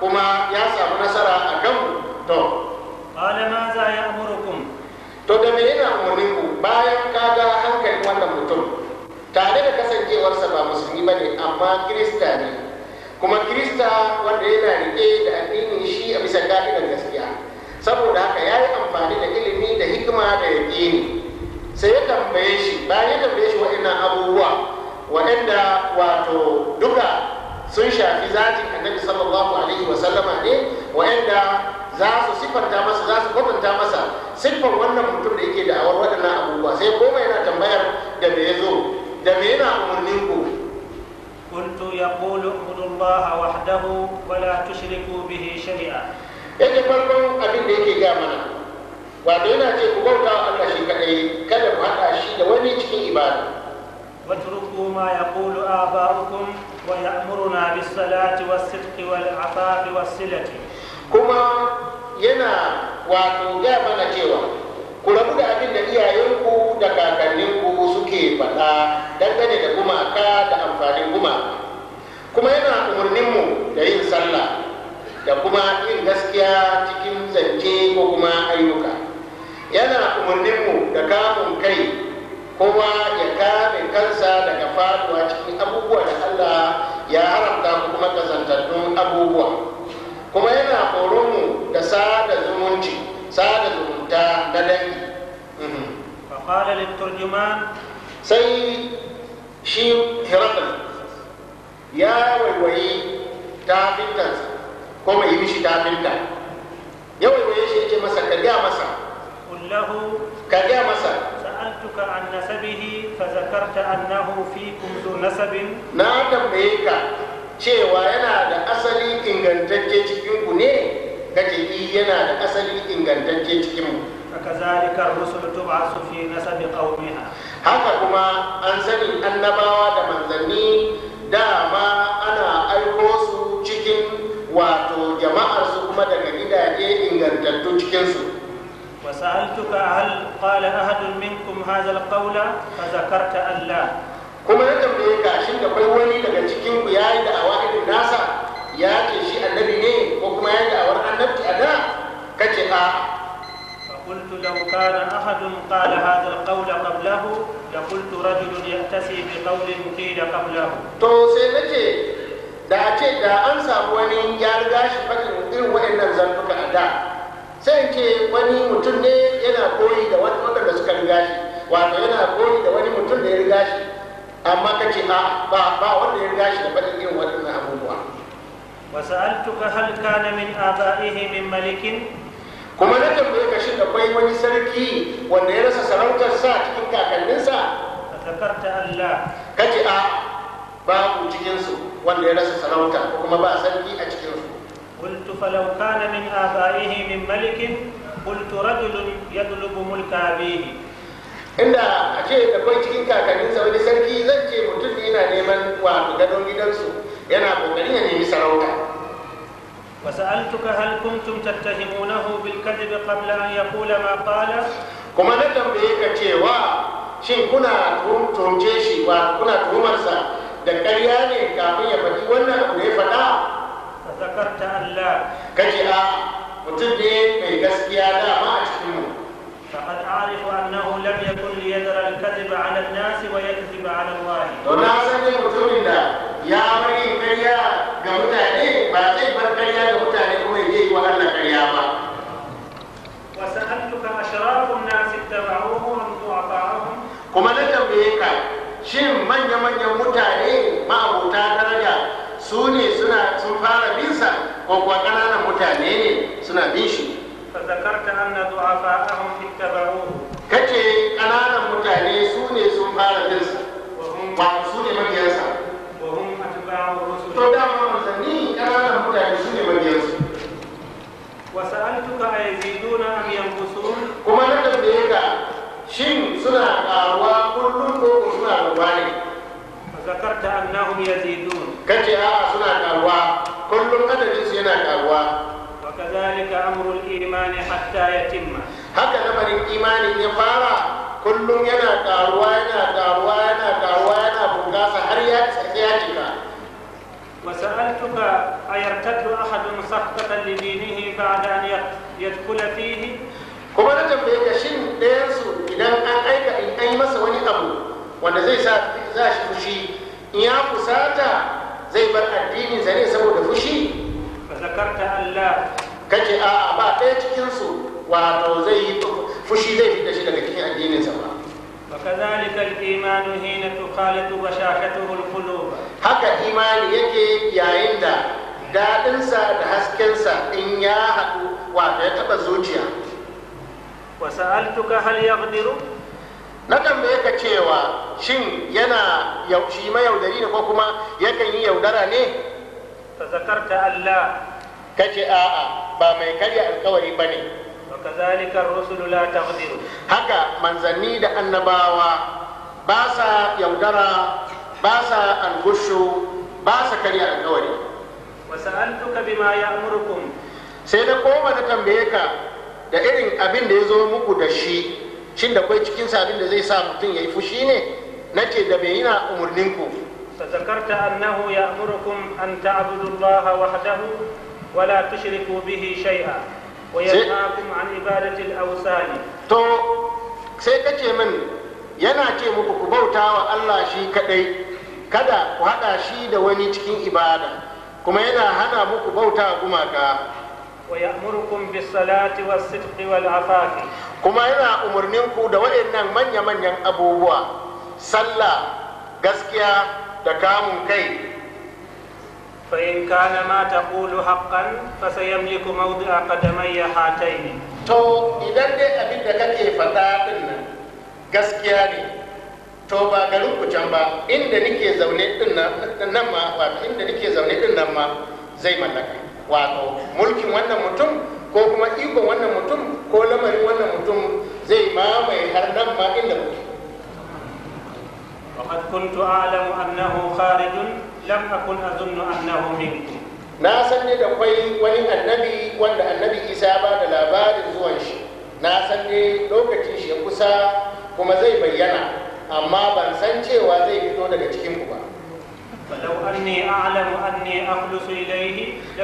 kuma ya samu nasara a kanmu to qala ma za ya'murukum to da yana umarnin ku bayan ka ga hankalin wanda mutum tare da kasancewarsa ba musulmi bane amma kirista ne kuma kirista wanda yana rike da addini, shi ya bisa ka'idar gaskiya saboda haka ya yi amfani da ilimi da hikima da yaƙini sai ya tambaye shi bayan ya tambaye shi waɗannan abubuwa waɗanda wato duka sun shafi zatin annabi sallallahu alaihi wasallama ne waɗanda za su siffanta masa za su kwatanta masa siffar wannan mutum da yake da'awar waɗannan abubuwa sai koma yana tambayar da me ya zo da me yana umarnin ku Kulu يقول اعبدوا الله وحده ولا تشركوا به shari'a. yake farkon abin da yake ga mana wato yana ce ku bauta wa Allah shi kadai kada ku haɗa shi da wani cikin ibada واتركوا ما يقول آباؤكم ويأمرنا بالصلاة والصدق والعفاف والصلة kuma yana wato ya mana cewa ku rabu da abin da iyayenku da kakanninku suke faɗa dangane da gumaka da amfanin gumaka kuma yana umarninmu da yin sallah da kuma yin gaskiya cikin zance ko kuma ayyuka yana umarninmu da kamun kai kowa ya kame kansa daga faduwa cikin abubuwa da allah ya haramta kuma kazantattun abubuwa kuma yana horo mu da sada zumunci sada zumunta na dangi mhm. sai shi hirakul ya waiwayi tafintansa ko mai yi mishi tafinta ya waiwaye shi yake masa ka masa ka gaya masa zakarta annahu nasabin na tambaye ka cewa yana da asali ingantacce cikin ku ne kace yi yana da asali ingantacce cikin mu kazalika rusul tub'asu fi nasabi qaumiha haka kuma an sani annabawa da manzanni dama ana aiko su cikin wato jama'ar su kuma daga gidaje ingantattu cikin su وسألتك هل قال أحد منكم هذا القول فذكرت أن kuma ya tambaye ka shin da bai wani daga cikin ku yayi da awa irin nasa ya ce shi annabi ne ko kuma yayi da awar annabci a da kace a فقلت لو كان أحد قال هذا القول قبله لقلت رجل يأتسي بقول قيل قبله تو سينتي da a ce da an samu wani ya riga shi faɗin irin waɗannan zantuka a da sai ce wani mutum ne yana koyi da wani waɗanda suka riga shi wato yana koyi da wani mutum da ya riga shi amma ka ce a ba ba wanda ya gashi shi da faɗin irin waɗannan abubuwa wa sa'altuka hal kana min abaihi min malikin kuma na tambaye ka shin akwai wani sarki wanda ya rasa sarautar sa cikin kakanninsa Ka takarta Allah kace a babu cikin su wanda ya rasa sarauta ko kuma ba sarki a cikin su qultu falau kana min abaihi min malikin qultu rajulun yadlubu mulka abihi inda a ce da kwai cikin kakannin kakanninsa wani sarki zan ce mutum ne yana neman a gadon gidansu yana kokari ya nemi sarauta وسألتك هل كنتم تتهمونه بالكذب قبل أن يقول ما قال كما نتم بيك تشيوا شين shi تهمتهمتي شي وكنا تهمرسا da karya ne kafin ya faɗi wannan abu ya faɗa zakarta Allah kace a mutum ne mai gaskiya dama a cikin mu فقد أعرف أنه لم يكن ليذر الكذب على الناس ويكذب على الله. وسألتك أشراف الناس Kuma أم أعطاهم؟ كما نتبعك shin manya-manyan mutane ma'abuta daraja su ne suna sun fara bisa? ko kuwa ƙananan mutane ne suna bin shi فذكرت أن ضعفاءهم اتبعوه kace ƙananan mutane su ne sun fara binsa ba su ne mabiyansa to dama manzanni ƙananan mutane su ne mabiyansu wasa'antuka a yaziduna am yanqusun kuma na tambaye ka shin suna ƙaruwa kullum ko ko suna rabuwa ne zakarta annahum yazidun kace a'a suna ƙaruwa kullum adadin yana ƙaruwa وكذلك أمر الإيمان حتى يتم هكذا من الإيمان يفارا كل ينا داروانا داروانا داروانا بمقاس حريات سياتنا وسألتك أيرتد أحد سخطة لدينه بعد أن يدخل فيه؟ كما نجم بيك شن ديرسو إذا أن أيك إن أي مسواني أبو وأن زي سات زاش فشي إياه فساتا زي بر الدين زي سمو فشي zakarta Allah kace a ba ɗaya cikin su wato zai yi fushi zai fita shi daga cikin addinin sa ba وكذلك الإيمان حين تخالط بشاشته القلوب haka imani yake yayin da daɗinsa da haskensa in ya haɗu wato ya taɓa zuciya wa sa'altuka hal yaqdiru na tambaye ka cewa shin yana yauci mayaudari ne ko kuma yakan yi yaudara ne ta Allah kace a'a ba mai karya alkawari bane wa kazalika ar-rusulu la taghdiru haka manzanni da annabawa ba sa yaudara ba sa algushu ba sa karya alkawari wa sa'altuka bima ya'murukum sai da koma na tambaye ka da irin abin da ya zo muku da shi shin da kwai cikin abin da zai sa mutum ya yi fushi ne nace da bai yana umurninku فذكرت أنه يأمركم أن تعبدوا الله وحده ولا تشركوا به شيئا وينهاكم عن عبادة الأوثان تو سيكتي من yana ce muku ku bauta wa Allah shi kadai kada ku hada shi da wani cikin ibada kuma yana hana muku bauta gumaka wa ya'murukum bis salati was sidqi wal afafi kuma yana umarninku da waɗannan manya-manyan abubuwa sallah gaskiya da kamun kai فإن كان ما تقول حقا فسيملك موضع قدمي هاتين to idan dai abin da kake faɗa din nan gaskiya ne to ba garin ku can ba inda nake zaune din nan ma wato inda nake zaune din nan ma zai mallaka wato mulkin wannan mutum ko kuma ikon wannan mutum ko lamarin wannan mutum zai mamaye har nan ma inda kuke وقد كنت أعلم أنه خارج لم أكن أظن أنه منكم na san ne da kwai wani annabi wanda annabi isa ba da labarin zuwan shi na san ne lokacin shi ya kusa kuma zai bayyana amma ban san cewa zai fito daga cikin ku ba falau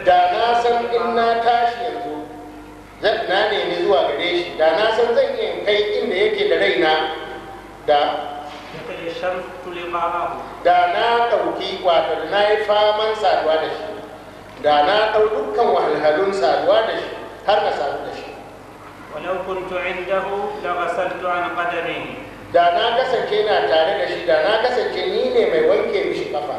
da na san in na tashi yanzu zan na nemi zuwa gare shi da na san zan iya kai inda yake da raina da da na ɗauki wato na yi faman saduwa da shi da na ɗau dukkan wahalhalun saduwa da shi har na sadu da shi walau kuntu indahu la ghasaltu an qadamihi da na kasance na tare da shi da na kasance ni ne mai wanke mishi kafa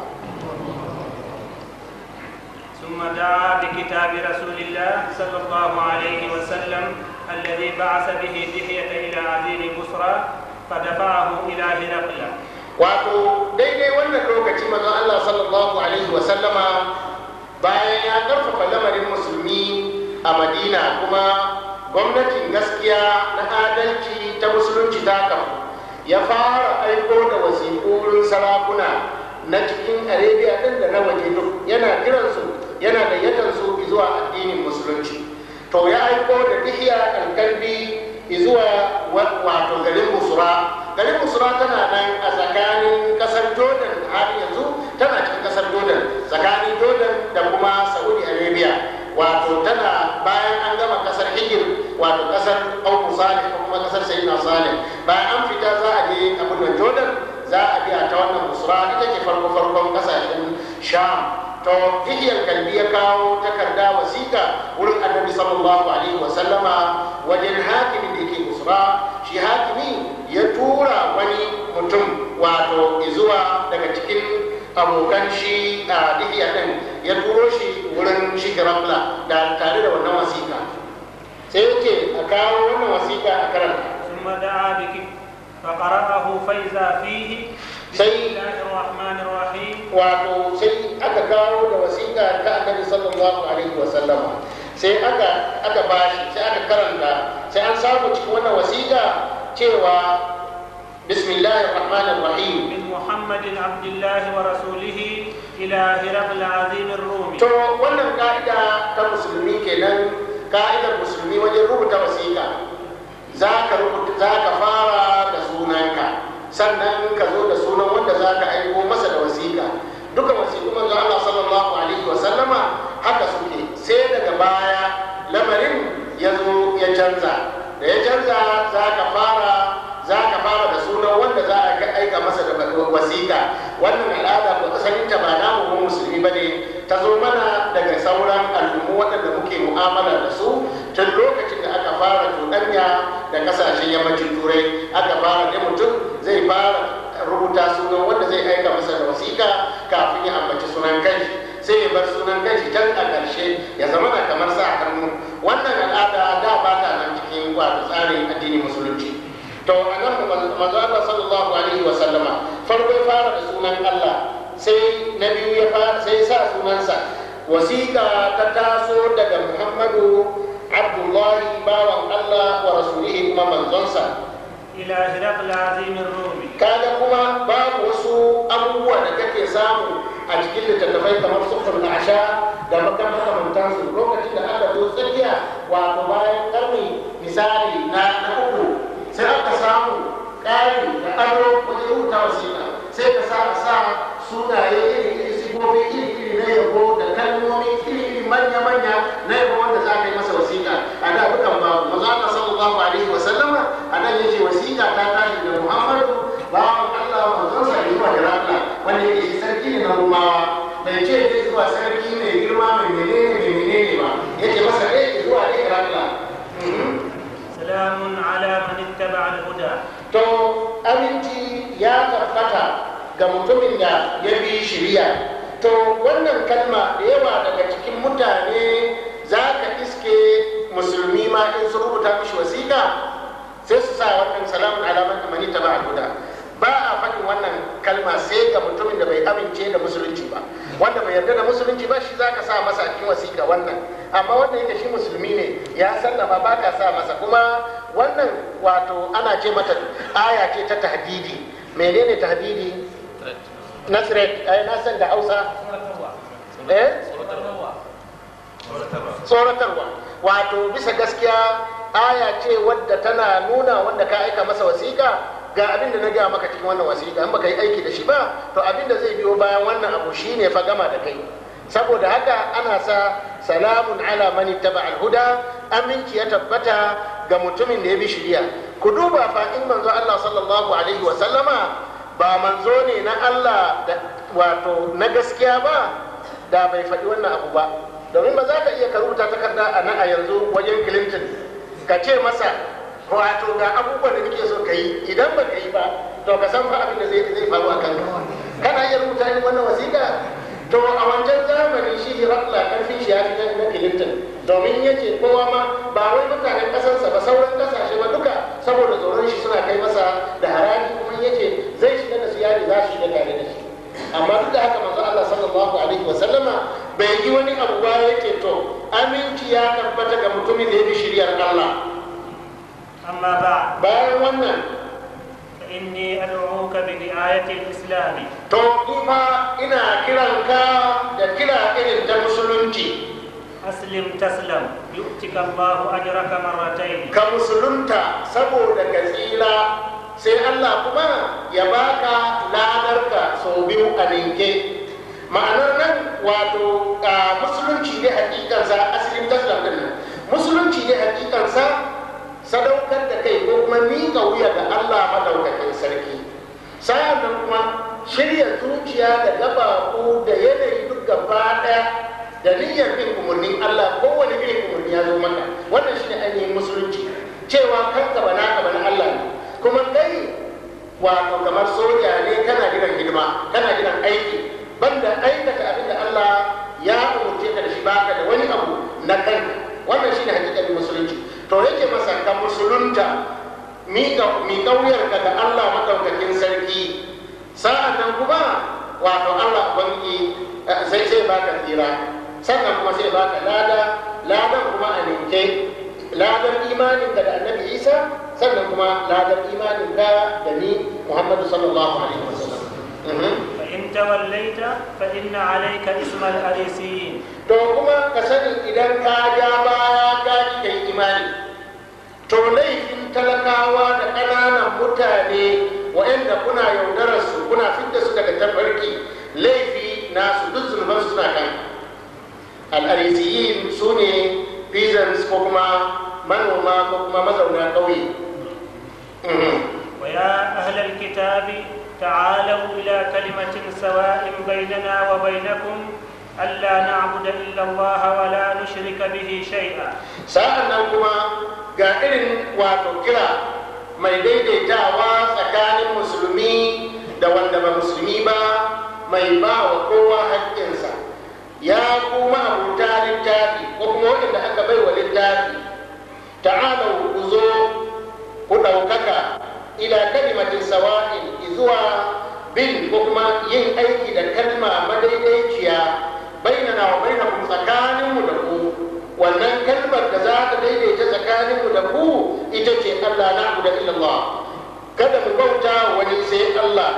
ثم دعا بكتاب رسول الله صلى الله عليه وسلم الذي بعث به دحية إلى عزيز بصرى ila wato daidai wannan lokaci mazan Allah sallallahu alaihi wa sallama bayan ya karfafa lamarin musulmi a Madina kuma gwamnatin gaskiya na adalci ta musulunci ta kafa ya fara aiko da wasiƙorin sarakuna na cikin arabia ɗin da na waje duk yana kiransu yana gayyatar su zuwa addinin musulunci to ya aiko da dihiya alkalbi zuwa wato garin musura garin musura tana nan a tsakanin kasar jordan har yanzu tana cikin kasar jordan tsakanin jordan da kuma saudi arabia wato tana bayan an gama kasar hijir wato kasar auku salih ko kuma kasar na salih bayan an fita za a je abin jordan za a biya ta wannan musura ita ce farko farkon kasashen sham to dihiyar kalbi ya kawo takarda wasiƙa wurin annabi sallallahu alaihi wa sallama wajen hakimin da ke usra shi hakimi ya tura wani mutum wato izuwa daga cikin abokan shi a dihiyar din ya turo shi wurin shi garamla da tare da wannan wasiƙa sai yake a kawo wannan wasiƙa a karanta فقرأه فإذا فيه sai wato sai aka kawo da wasiƙa ta كأكد صلى الله wa sallama sai aka aka bashi sai aka karanta sai an samu cikin wannan wasiƙa cewa bismillahir rahmanir rahim min muhammadin abdullahi wa rasulihi ila hiraqil azim rumi to wannan ka'ida ta musulmi kenan ka'idar musulmi wajen rubuta wasiƙa za ka fara da sunanka sannan ka zo da sunan wanda za ka aiko masa da wasiƙa duka wasiƙu manzo Allah sallallahu alaihi wa sallama haka suke sai daga baya lamarin ya zo ya canza da ya canza za ka fara za ka fara da sunan wanda za a aika masa da wasiƙa wannan al'ada ba ta san ta ba na mu musulmi ba ne ta zo mana daga sauran al'umma waɗanda muke mu'amala da su tun lokacin fara cuɗanya da kasashen yammacin turai aka fara ne mutum zai fara rubuta sunan wanda zai aika masa da wasiƙa kafin ya ambaci sunan kanshi sai ya bar sunan kanshi can a ƙarshe ya zama na kamar sa hannu wannan al'ada da ba ta nan cikin wato tsarin addinin musulunci to a nan manzo sallallahu alaihi wa sallama farko fara da sunan Allah sai na biyu ya fara sai sa sunansa wasiƙa ta taso daga Muhammadu abdullahi bawan allah wa rasulihi kuma manzonsa ila hiraqal azimin rumi kada kuma babu wasu abubuwa da kake samu a cikin littattafai kamar sufur na asha da makamantan su lokacin da aka zo tsakiya wato bayan karni misali na uku sai aka samu kari da ado wajen rubuta sai ka sa sunaye iri manya-manya na yabo wanda za ka yi masa wasiƙa a da dukan babu za ka sallallahu alaihi wa sallama a nan yake wasiƙa ta tashi da muhammadu ba bawan allah manzonsa da yiwa da allah wanda yake shi sarki ne na rumawa bai ce zai zuwa sarki ne girma mai menene mai menene ba yake masa ɗaya zuwa ɗaya da salamun ala man ittaba al-huda to aminci ya tabbata ga mutumin da ya bi shiriya to wannan kalma da yawa daga cikin mutane za ka iske musulmi ma in su rubuta mishi wasiƙa sai su sa wannan salamun alamar da mani guda ba a faɗin wannan kalma sai ga mutumin da bai amince da musulunci ba wanda bai yarda da musulunci ba shi za ka sa masa cikin wasiƙa wannan amma wanda yake shi musulmi ne ya sallama ba ka sa masa kuma wannan wato ana ce mata aya ce ta tahdidi menene tahdidi nasiret ai na san da hausa eh? tsoratarwa wato bisa gaskiya aya ce wadda tana nuna wadda ka aika masa wasiƙa ga abin da na gaya maka cikin wannan wasiƙa in baka yi aiki da shi ba to abin da zai biyo bayan wannan abu shine fa gama da kai saboda haka ana sa salamun ala mani taba alhuda aminci ya tabbata ga mutumin da ya bi shiriya ku duba fa in manzo Allah sallallahu alaihi wa sallama ba manzo ne na Allah da wato na gaskiya ba da bai faɗi wannan abu ba domin ba za ka iya karuta takarda a nan a yanzu wajen Clinton ka ce masa wato ga abubuwan da kake so ka yi idan ba ka yi ba to ka san ba abin da zai faru a kanka kana iya rubuta ni wannan wasiƙa to a wancan zamani shi Hirakla karfin shi ya fi na Clinton domin ya kowa ma ba wai mutanen ƙasarsa ba sauran kasashe ba duka saboda tsoron shi suna kai masa da haraji kuma ya zai bayani za su yi tare da shi amma duk da haka manzo Allah sallallahu alaihi wa sallama bai yi wani abu ba yake to aminci ya tabbata ga mutumin da ya bi shirya Allah amma ba bayan wannan inni ad'uka bi ayatil islam to kuma ina kiranka da kira irin ta musulunci aslim taslam yu'tika Allahu ajraka marratayn ka musulunta saboda ka sai Allah kuma ya baka ladarka sau biyu a ninke ma'anar nan wato musulunci ne hakikansa asalin taslam din nan musulunci ne hakikansa sadaukar da kai ko kuma miƙa wuya ga Allah madaukakin sarki sa'an nan kuma shirya zuciya da gabaku da yanayi duk gaba ɗaya da niyyar bin umarnin Allah kowane irin umarni ya zo maka wannan shi shine ainihin musulunci cewa kan gaba na gaba na Allah ne kuma kai wato kamar soja ne kana gidan hidima kana gidan aiki banda aikata abin da Allah ya umurce ka da shi baka da wani abu na kai wannan shi shine hakikar musulunci to yake masa ka musulunta mi ka da Allah maɗaukakin sarki sa'an nan kuma wato Allah banki eh, sai sai baka tsira sannan kuma sai baka lada ladan kuma a ninke ladan imanin da annabi Isa sannan kuma ladar imanin ka da ni muhammadu sallallahu alaihi wasallam mhm. fa'in tawallaita fa inna alayka ismal arisiyin to kuma ka sani idan ka ja baya ka kike imani to laifin talakawa da ƙananan mutane wa'anda kuna su kuna fidda su daga tafarki laifi nasu duk zunuban suna kan al'arisiyin su ne peasants ko kuma manoma ko kuma mazauna ƙauye ويا أهل الكتاب تعالوا إلى كلمة سواء بيننا وبينكم ألا نعبد إلا الله ولا نشرك به شيئا سألنا كما قائل وتكرا ما يدي جاوا سكان مسلمي دوان دبا مسلمي با ما يبا وقوة حق إنسان يا kuma أبو تاري تاري وكما waɗanda aka bai ta'alau ku ku ɗaukaka ila kalimatin sawa'in zuwa bin ko kuma yin aiki da kalma madaidaiciya bainana wa bainakum tsakaninmu da ku wannan kalmar da za ta daidaita tsakaninmu da ku ita ce Allah na da illallah kada mu bauta wani sai Allah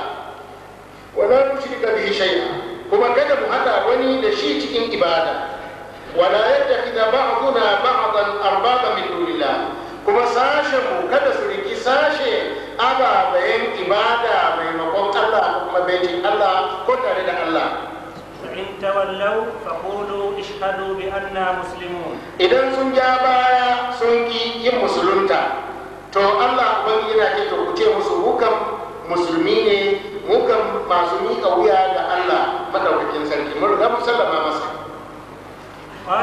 wala nushrika bihi shay'a kuma kada mu hada wani da shi cikin ibada wala yattakhidha ba'duna ba'dan arbaba min dunillah kuma sashe mu kada su riki sashe ababen ibada maimakon Allah kuma baitin Allah ko tare da Allah in tawallau faqulu ishhadu bi anna muslimun idan sun ja baya sun ki yin musulunta to Allah ban yana ce to ku ce musu hukan musulmi ne mukan masu miƙa wuya ga Allah madaukakin sarki mun riga mun masa to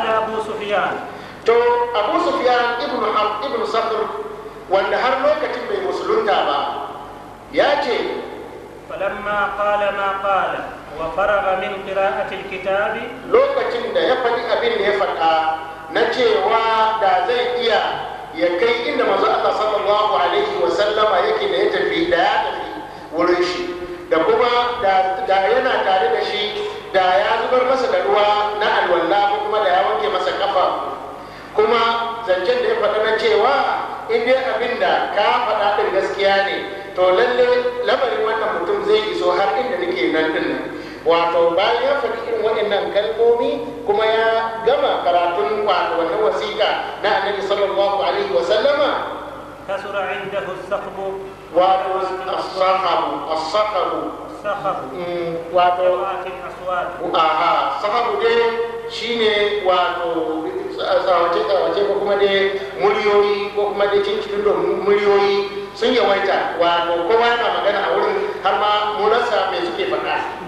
abu sufyan ibnu ham wanda har lokacin bai musulunta ba ya ce falamma qala ma qala wa faraga min qira'ati alkitabi lokacin da ya faɗi abin da ya faɗa na cewa da zai iya ya kai inda manzo Allah sallallahu alaihi wa sallama yake da ya tafi da ya tafi wurin shi da kuma da yana tare da shi da ya zubar masa da ruwa na alwala ko kuma da ya wanke masa kafa kuma zancen da ya faɗa na cewa in dai abin da ka faɗa ɗin gaskiya ne to lalle lamarin wannan mutum zai iso har inda nake nan ɗin wato bayan ya faɗi irin waɗannan kalmomi kuma ya gama karatun wannan wasiƙa na annabi sallallahu alaihi wa sallama kasura indahu as wa as-saqbu as Mm, wato aha safaru dai shine wato tsawace tsawace ko kuma dai muryoyi ko kuma dai cincin da muryoyi sun yawaita wato kowa yana magana a wurin har ma mu rasa me suke faɗa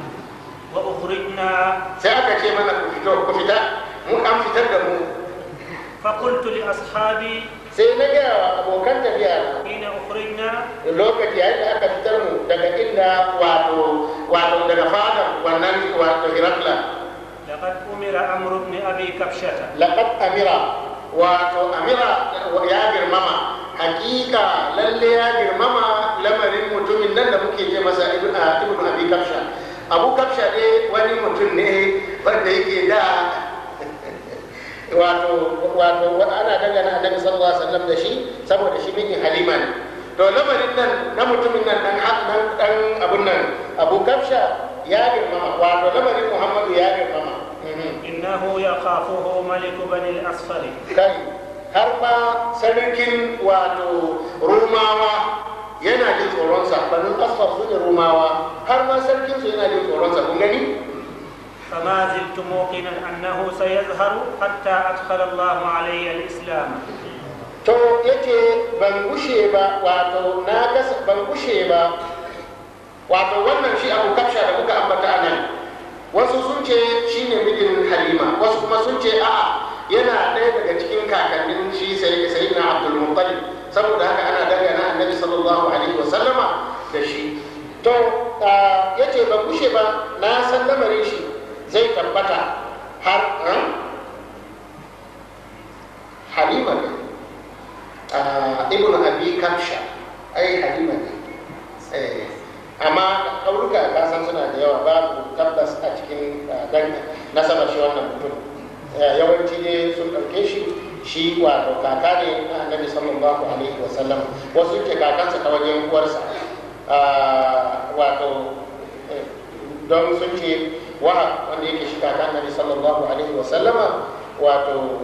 wa ukhrijna sai aka ce mana ku fito ku fita mu an fitar da mu fa qultu li ashabi sai na gaya wa abokan tafiya ina ukhrijna lokaci yayin da aka fitar mu daga inda wato wato daga fadar wannan wato hirakla laqad umira amru ibn abi kabshata laqad amira wato amira ya girmama hakika lalle ya girmama lamarin mutumin nan da muke ce masa ibn abi kabsha abu kabsha ne wani mutum ne wanda yake da wato wato ana dangana annabi sallallahu alaihi wasallam da shi saboda shi bin halima ne to lamarin nan na mutumin nan dan dan dan abun nan abu kafsha ya girmama wato lamarin muhammadu ya girmama mhm. innahu yaqafuhu ho bani al-asfar kai har ma sarkin wato rumawa yana jin tsoronsa bani al-asfar su ne rumawa har ma sarkin su yana jin tsoronsa kun gani فما زلت موقنا أنه سيظهر حتى أدخل الله علي الإسلام to yake ban gushe ba wato na gasa ban gushe ba wato wannan shi abu kafsha da kuka ambata a nan wasu sun ce shi ne mijin halima wasu kuma sun ce a'a yana ɗaya daga cikin kakannin shi sai na abdul muttalib saboda haka ana daga dangana annabi sallallahu alaihi wasallama da shi to yace ban gushe ba na san lamarin shi zai tabbata har hmm? halima ne ah, ibn abi kamsha ai halima ne eh, amma ɗauruka ya san suna da yawa ba ku tabbas a cikin gan ah, nasaba shi wannan mutum eh, yawanci ne sun ɗauke shi shi wato kaka ne na annabi sallallahu alaihi wa sallam wasu ke kakansa ta wajen uwarsa ah, wato eh, don sun ce Wa wanda yake shiga ta annabi sallallahu alaihi wa sallama wato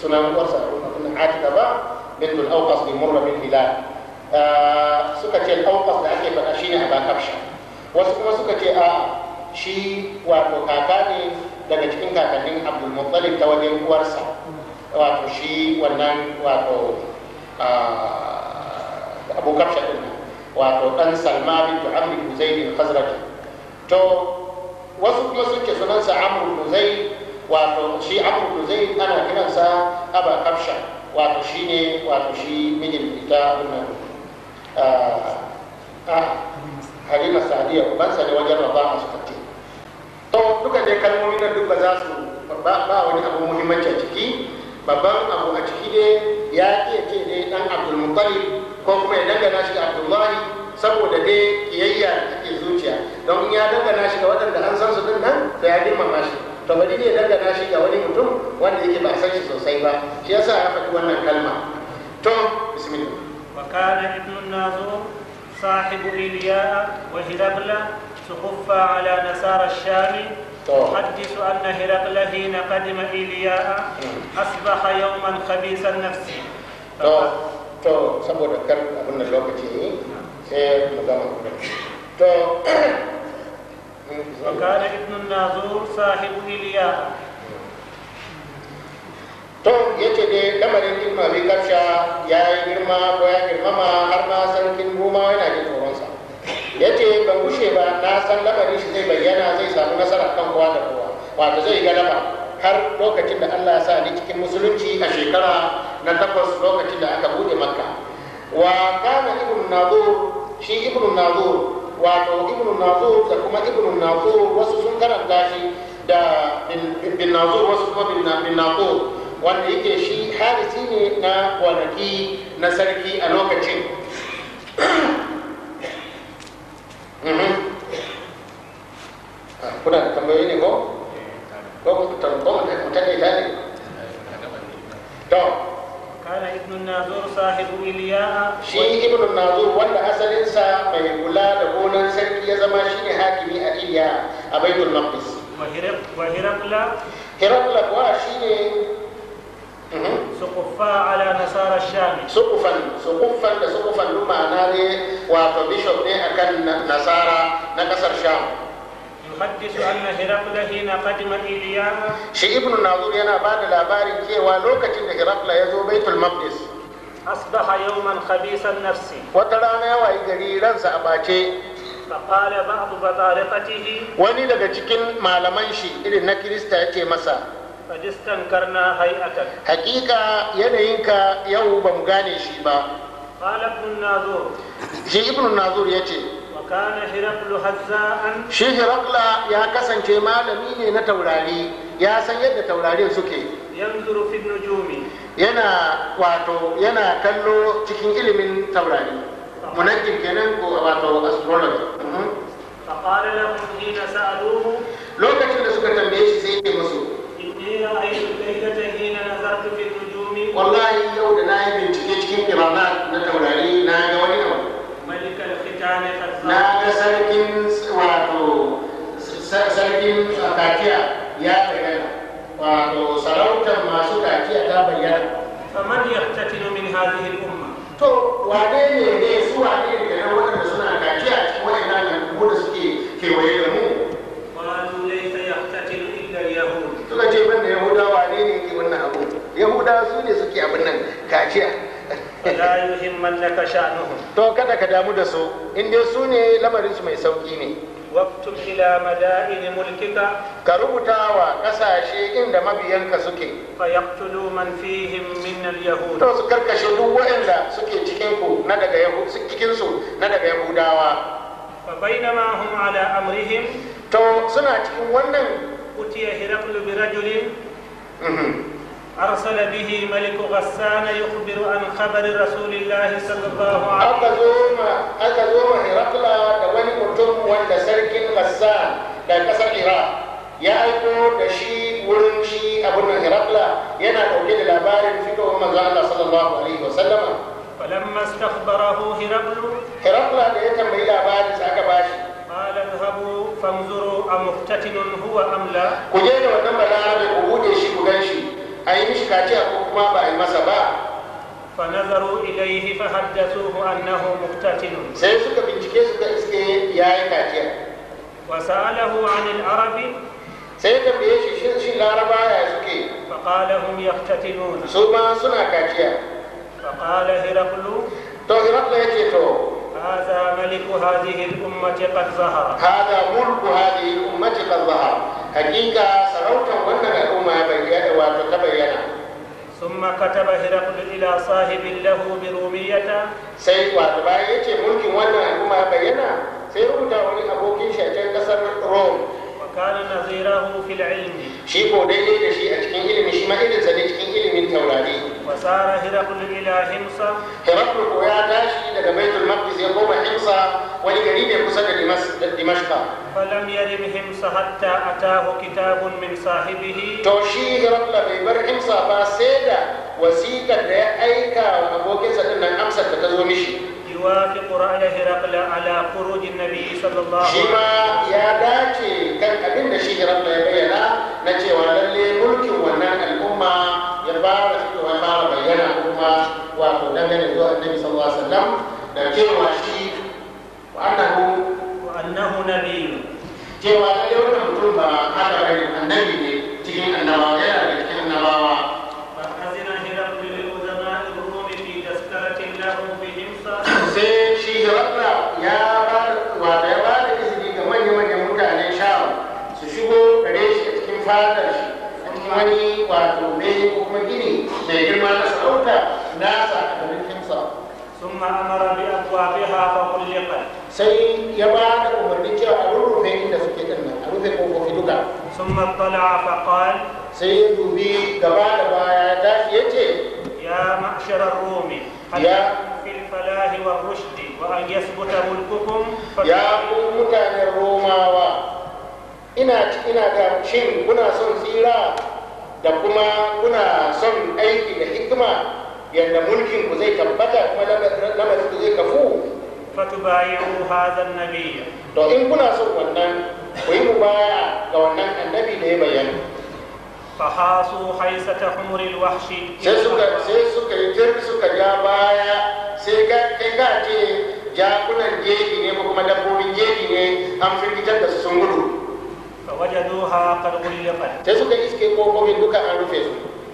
sunan uwarsa abin atika ba bintul auqas bi murra bin hilal suka ce auqas da ake faɗa shine aba kafsha wasu kuma suka ce a shi wato kaka ne daga cikin kakannin abdul muttalib ta wajen uwarsa wato shi wannan wato abu kafsha din wato dan salma bin amr bin zaid al-khazraji to wasu kuma suke sunansa amur zai wato shi amur zai ana kiransa aba kafsha wato shi ne wato shi mijin ita wannan ah, ah, halima sadiya ubansa ne wajen raba a suka ce to duka dai kalmomi na duk ba za su ba wani abu muhimmanci a ciki babban abu a ciki dai ya iya ce dai dan abdulmutalib ko kuma ya dangana shi abdullahi saboda dai kiyayya ke zuciya don ya dangana shi ga waɗanda an san su din nan to ya girmama shi to bari ne dangana shi ga wani mutum wanda yake ba san shi sosai ba shi yasa ya faɗi wannan kalma to bismillah wa kana ibn nazur sahibu iliya wa hirabla تخفى على نسار الشام تحدث أن هرقل حين قدم إلياء أصبح يوما خبيث النفس da lokaci ne Eh, to وكان ابن الناظور صاحب إلياء to yace dai lamarin ilma bai karsha ya yi girma ko ya girmama har ma sarkin goma yana jin tsoronsa ya ce ban gushe ba na san lamarin shi zai bayyana zai samu nasara kan kowa da kowa wato zai galaba har lokacin da Allah sa ni cikin musulunci a shekara na takwas lokacin da aka buɗe makka wa kana ibn nadur shi ibnu nazur wato ibnu nazur da kuma ibnu nazur wasu sun karanta shi da bin nazur wasu kuma bin nazur wanda yake shi harisi ne na kwanaki na sarki a lokacin mhm. ah, kuna da tambayoyi ne ko? ko ku tambayoyi ne ta ne? to كان ابن الناظور صاحب ولياء شي ابن الناظور ولا أسل إنسا من كلا لقونا سرقي يزما شيني حاكمي أكيلياء أبيت المقدس وهرقل هرقل كوا شيني سقفا على نصارى الشام سقفا سقفا da لما lumana ne wato bishop ne akan nasara na shi ibnu nazur yana ba da labarin cewa lokacin da hirakla ya zo baitul maqdis asbaha yawman khabisan nafsi wata rana ya wayi gari ransa a bace wani daga cikin malaman shi irin na kirista yace masa fajistan karna hay'atan hakika yanayinka yau ba gane shi ba qala ibn nazur shi ibn nazur yace shi hirakla ya kasance malami ne na taurari ya san yadda taurarin suke yana wato yana kallo cikin ilimin taurari munajjim kenan ko a wato astrology mhm. lokacin da suka tambaye shi sai ya musu wallahi yau da na yi bincike cikin kiramat na taurari na ga wani abu na ga sarkin wato sarkin kakiya ya bayyana wato sarautar masu kakiya ta bayyana faman yahtatilu min hadhihi umma kada ka damu da su in dai su ne lamarin su mai sauki ne waktub ila madaini mulkika ka rubuta wa kasashe inda mabiyanka suke fa yaqtulu man fihim min al-yahud to su karkashe duk wanda suke cikin ku na daga yahud cikin su na daga yahudawa fa bainama hum ala amrihim to suna cikin wannan kutiya hiraqlu bi rajulin mhm. أرسل به ملك غسان يخبر عن خبر رسول الله صلى الله عليه وسلم أكزوم أكزوم هرقلا دواني متم وانت سلك غسان دا كسر إيران يا أيكو دشي ورنشي أبو هرقلا ينا توكيد الأبار فيكو مزان الله صلى الله عليه وسلم فلما استخبره هرقل هرقلا دا يتم إلى أبار باشي قال اذهبوا فانظروا أمفتتن هو أم لا كجينا ونمنا بقبوجي شي كجيشي أي مش mishi kaciya ko kuma ba فنظروا إليه فحدثوه أنه مقتتل سيسوك بنجكي سوك إسكي ياي كاتيا وسأله عن العرب سيدا بيشي شن شن العرب يا سوكي فقال هم يقتتلون سوما سنا كاتيا فقال هرقلو تو هرقل يتيتو هذا ملك هذه الأمة قد ظهر هذا ملك هذه الأمة قد ظهر حقيقة سروتا وانك الأمة بيّن وتتبين ثم كتب هرقل إلى صاحب له برومية سيد واتبايتي ملك ونن الأمة بيّن سيروتا ونن أبوكي شاكين قصر روم وكان نظيره في العلم شيء بودي دي شيء اتكين علمي شيء ما ايدن زدي اتكين علمي التورادي وصار هرق للإله حمصة هرق القويا داشي لك بيت المقدس يقوم حمصة ولقريب يقصد دمشق فلم يرم حمصة حتى أتاه كتاب من صاحبه توشي هرق لبيبر حمصة فاسيدا وسيطة لأيكا وأبوك يوافق رأي هرقل على خروج النبي صلى الله عليه وسلم شما يا داتي كان أبن شي هرقل يبينا نجي وللي ملك ونان الأمة يبار ويبار بينا الأمة وقدم يدعو النبي صلى الله عليه وسلم نجي وشي وأنه وأنه نبي cewa ɗaya wannan mutum ba haka bane annabi ne cikin annabawa yana da cikin annabawa wanda ya bada izini ga manya-manyan mutane sham su shigo gare shi a cikin fadar shi a cikin wani wato ne ko kuma gini mai girma na sarauta nasa a garin kimsa ثم امر باقوابها فغلقت sai ya ba da umarni cewa a rurrufe inda suke din nan a rufe kofofi duka ثم اطلع فقال sai ya dubi gaba da baya ya tashi ya ce ya ma'shar ar-rumi ya الفلاح والرشد وأن يثبت ملككم يا متان الروماوة ina ina da shin kuna son tsira da kuma kuna son aiki da hikima yadda mulkin ku zai tabbata kuma lamarin ku zai kafu fatubayu hadha hazan nabiy to in kuna son wannan ku yi mu baya ga wannan annabi da ya bayani. fahasu haisata humuril wahshi sai suka sai suka yi tir suka ja baya sai ga kai ga ce jakunan jeji ne ko kuma dabbobin jeji ne an firgitar da su sun gudu fawajaduha qad ghulqat sai suka iske kofofin duka an rufe su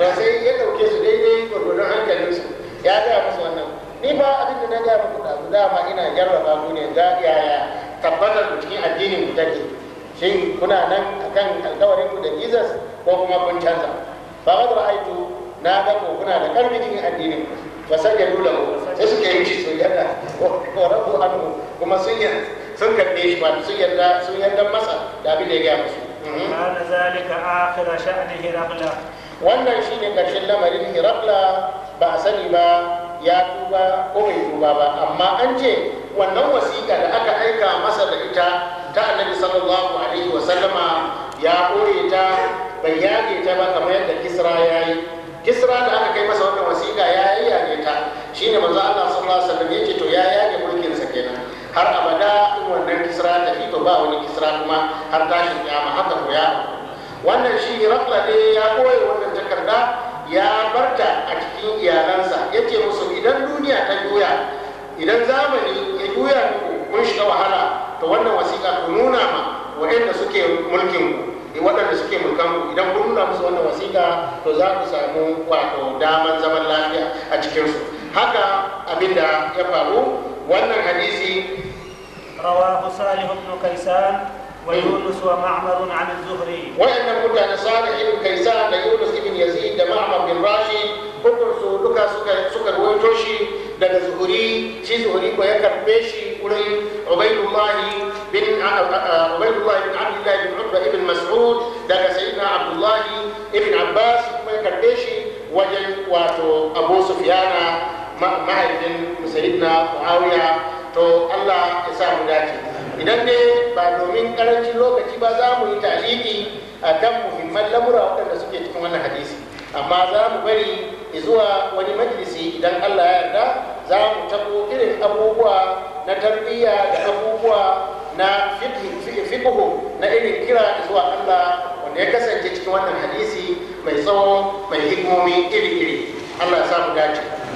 ba sai ya dauke su daidai hankalin hankalinsu ya gaya musu wannan ni ba abin da na gaya muku da dama ina jarraba ku ne ga yaya tabbatar ku cikin addinin ku take shin kuna nan akan alkawarin ku da Jesus ko kuma kun canza fa na ga ku kuna da karfi cikin addinin ku fa sajadu lahu sai suka yi ci so yadda ko rabu anhu kuma sun sun karbe shi ba sun yarda sun yarda masa da abin da ya gaya musu mhm. kana zalika akhira sha'nihi rabla wannan shi ne ƙarshen lamarin hirafla ba a sani ba ya tuba ko bai tuba ba amma an ce wannan wasiƙa da aka aika masa da ita ta annabi sallallahu alaihi sallama ya ɓoye ta bai yage ta ba kamar yadda kisra ya yi kisra da aka kai masa wannan wasiƙa ya yi yage ta shine manzo Allah sallallahu alaihi ya ce to ya yage mulkin sa kenan har abada in wannan kisra ta fito ba wani kisra kuma har tashin kiyama haka ko ya wannan shi rafla ne ya koya wannan takarda ya barta a cikin iyalansa ya ce musu idan duniya ta juya idan zamani ya juya duku kun shiga wahala to wannan wasiƙa ku nuna ma waɗanda suke mulkin ku eh, waɗanda suke mulkan ku idan kun nuna musu wannan wasiƙa to za ku samu wato daman zaman lafiya a cikinsu haka abin da ya faru wannan hadisi رواه صالح ibn كيسان ويونس ومعمر عن الزهري وإن مدان صالح بن كيسان ليونس بن يزيد da Ma'mar bin Rashid hukun su duka suka suka ruwaito shi daga Zuhuri shi Zuhuri ko ya karbe shi wurin Ubaydullah bin Ubaydullah bin Abdullah bin Utba ibn Mas'ud daga Sayyidina Abdullah ibn Abbas kuma ya karbe shi wajen wato Abu Sufyana mahaifin Sayyidina Muawiya to Allah ya sa mu dace idan dai ba domin karancin lokaci ba za mu yi taliki a kan muhimman lamura waɗanda suke cikin wannan hadisi amma za mu bari zuwa wani majalisi idan allah ya yarda za mu tabo irin abubuwa na tarbiyya da abubuwa na fiqhu na irin kira zuwa allah wanda ya kasance cikin wannan hadisi mai tsawo mai hikimomi iri-iri allah ya samu dace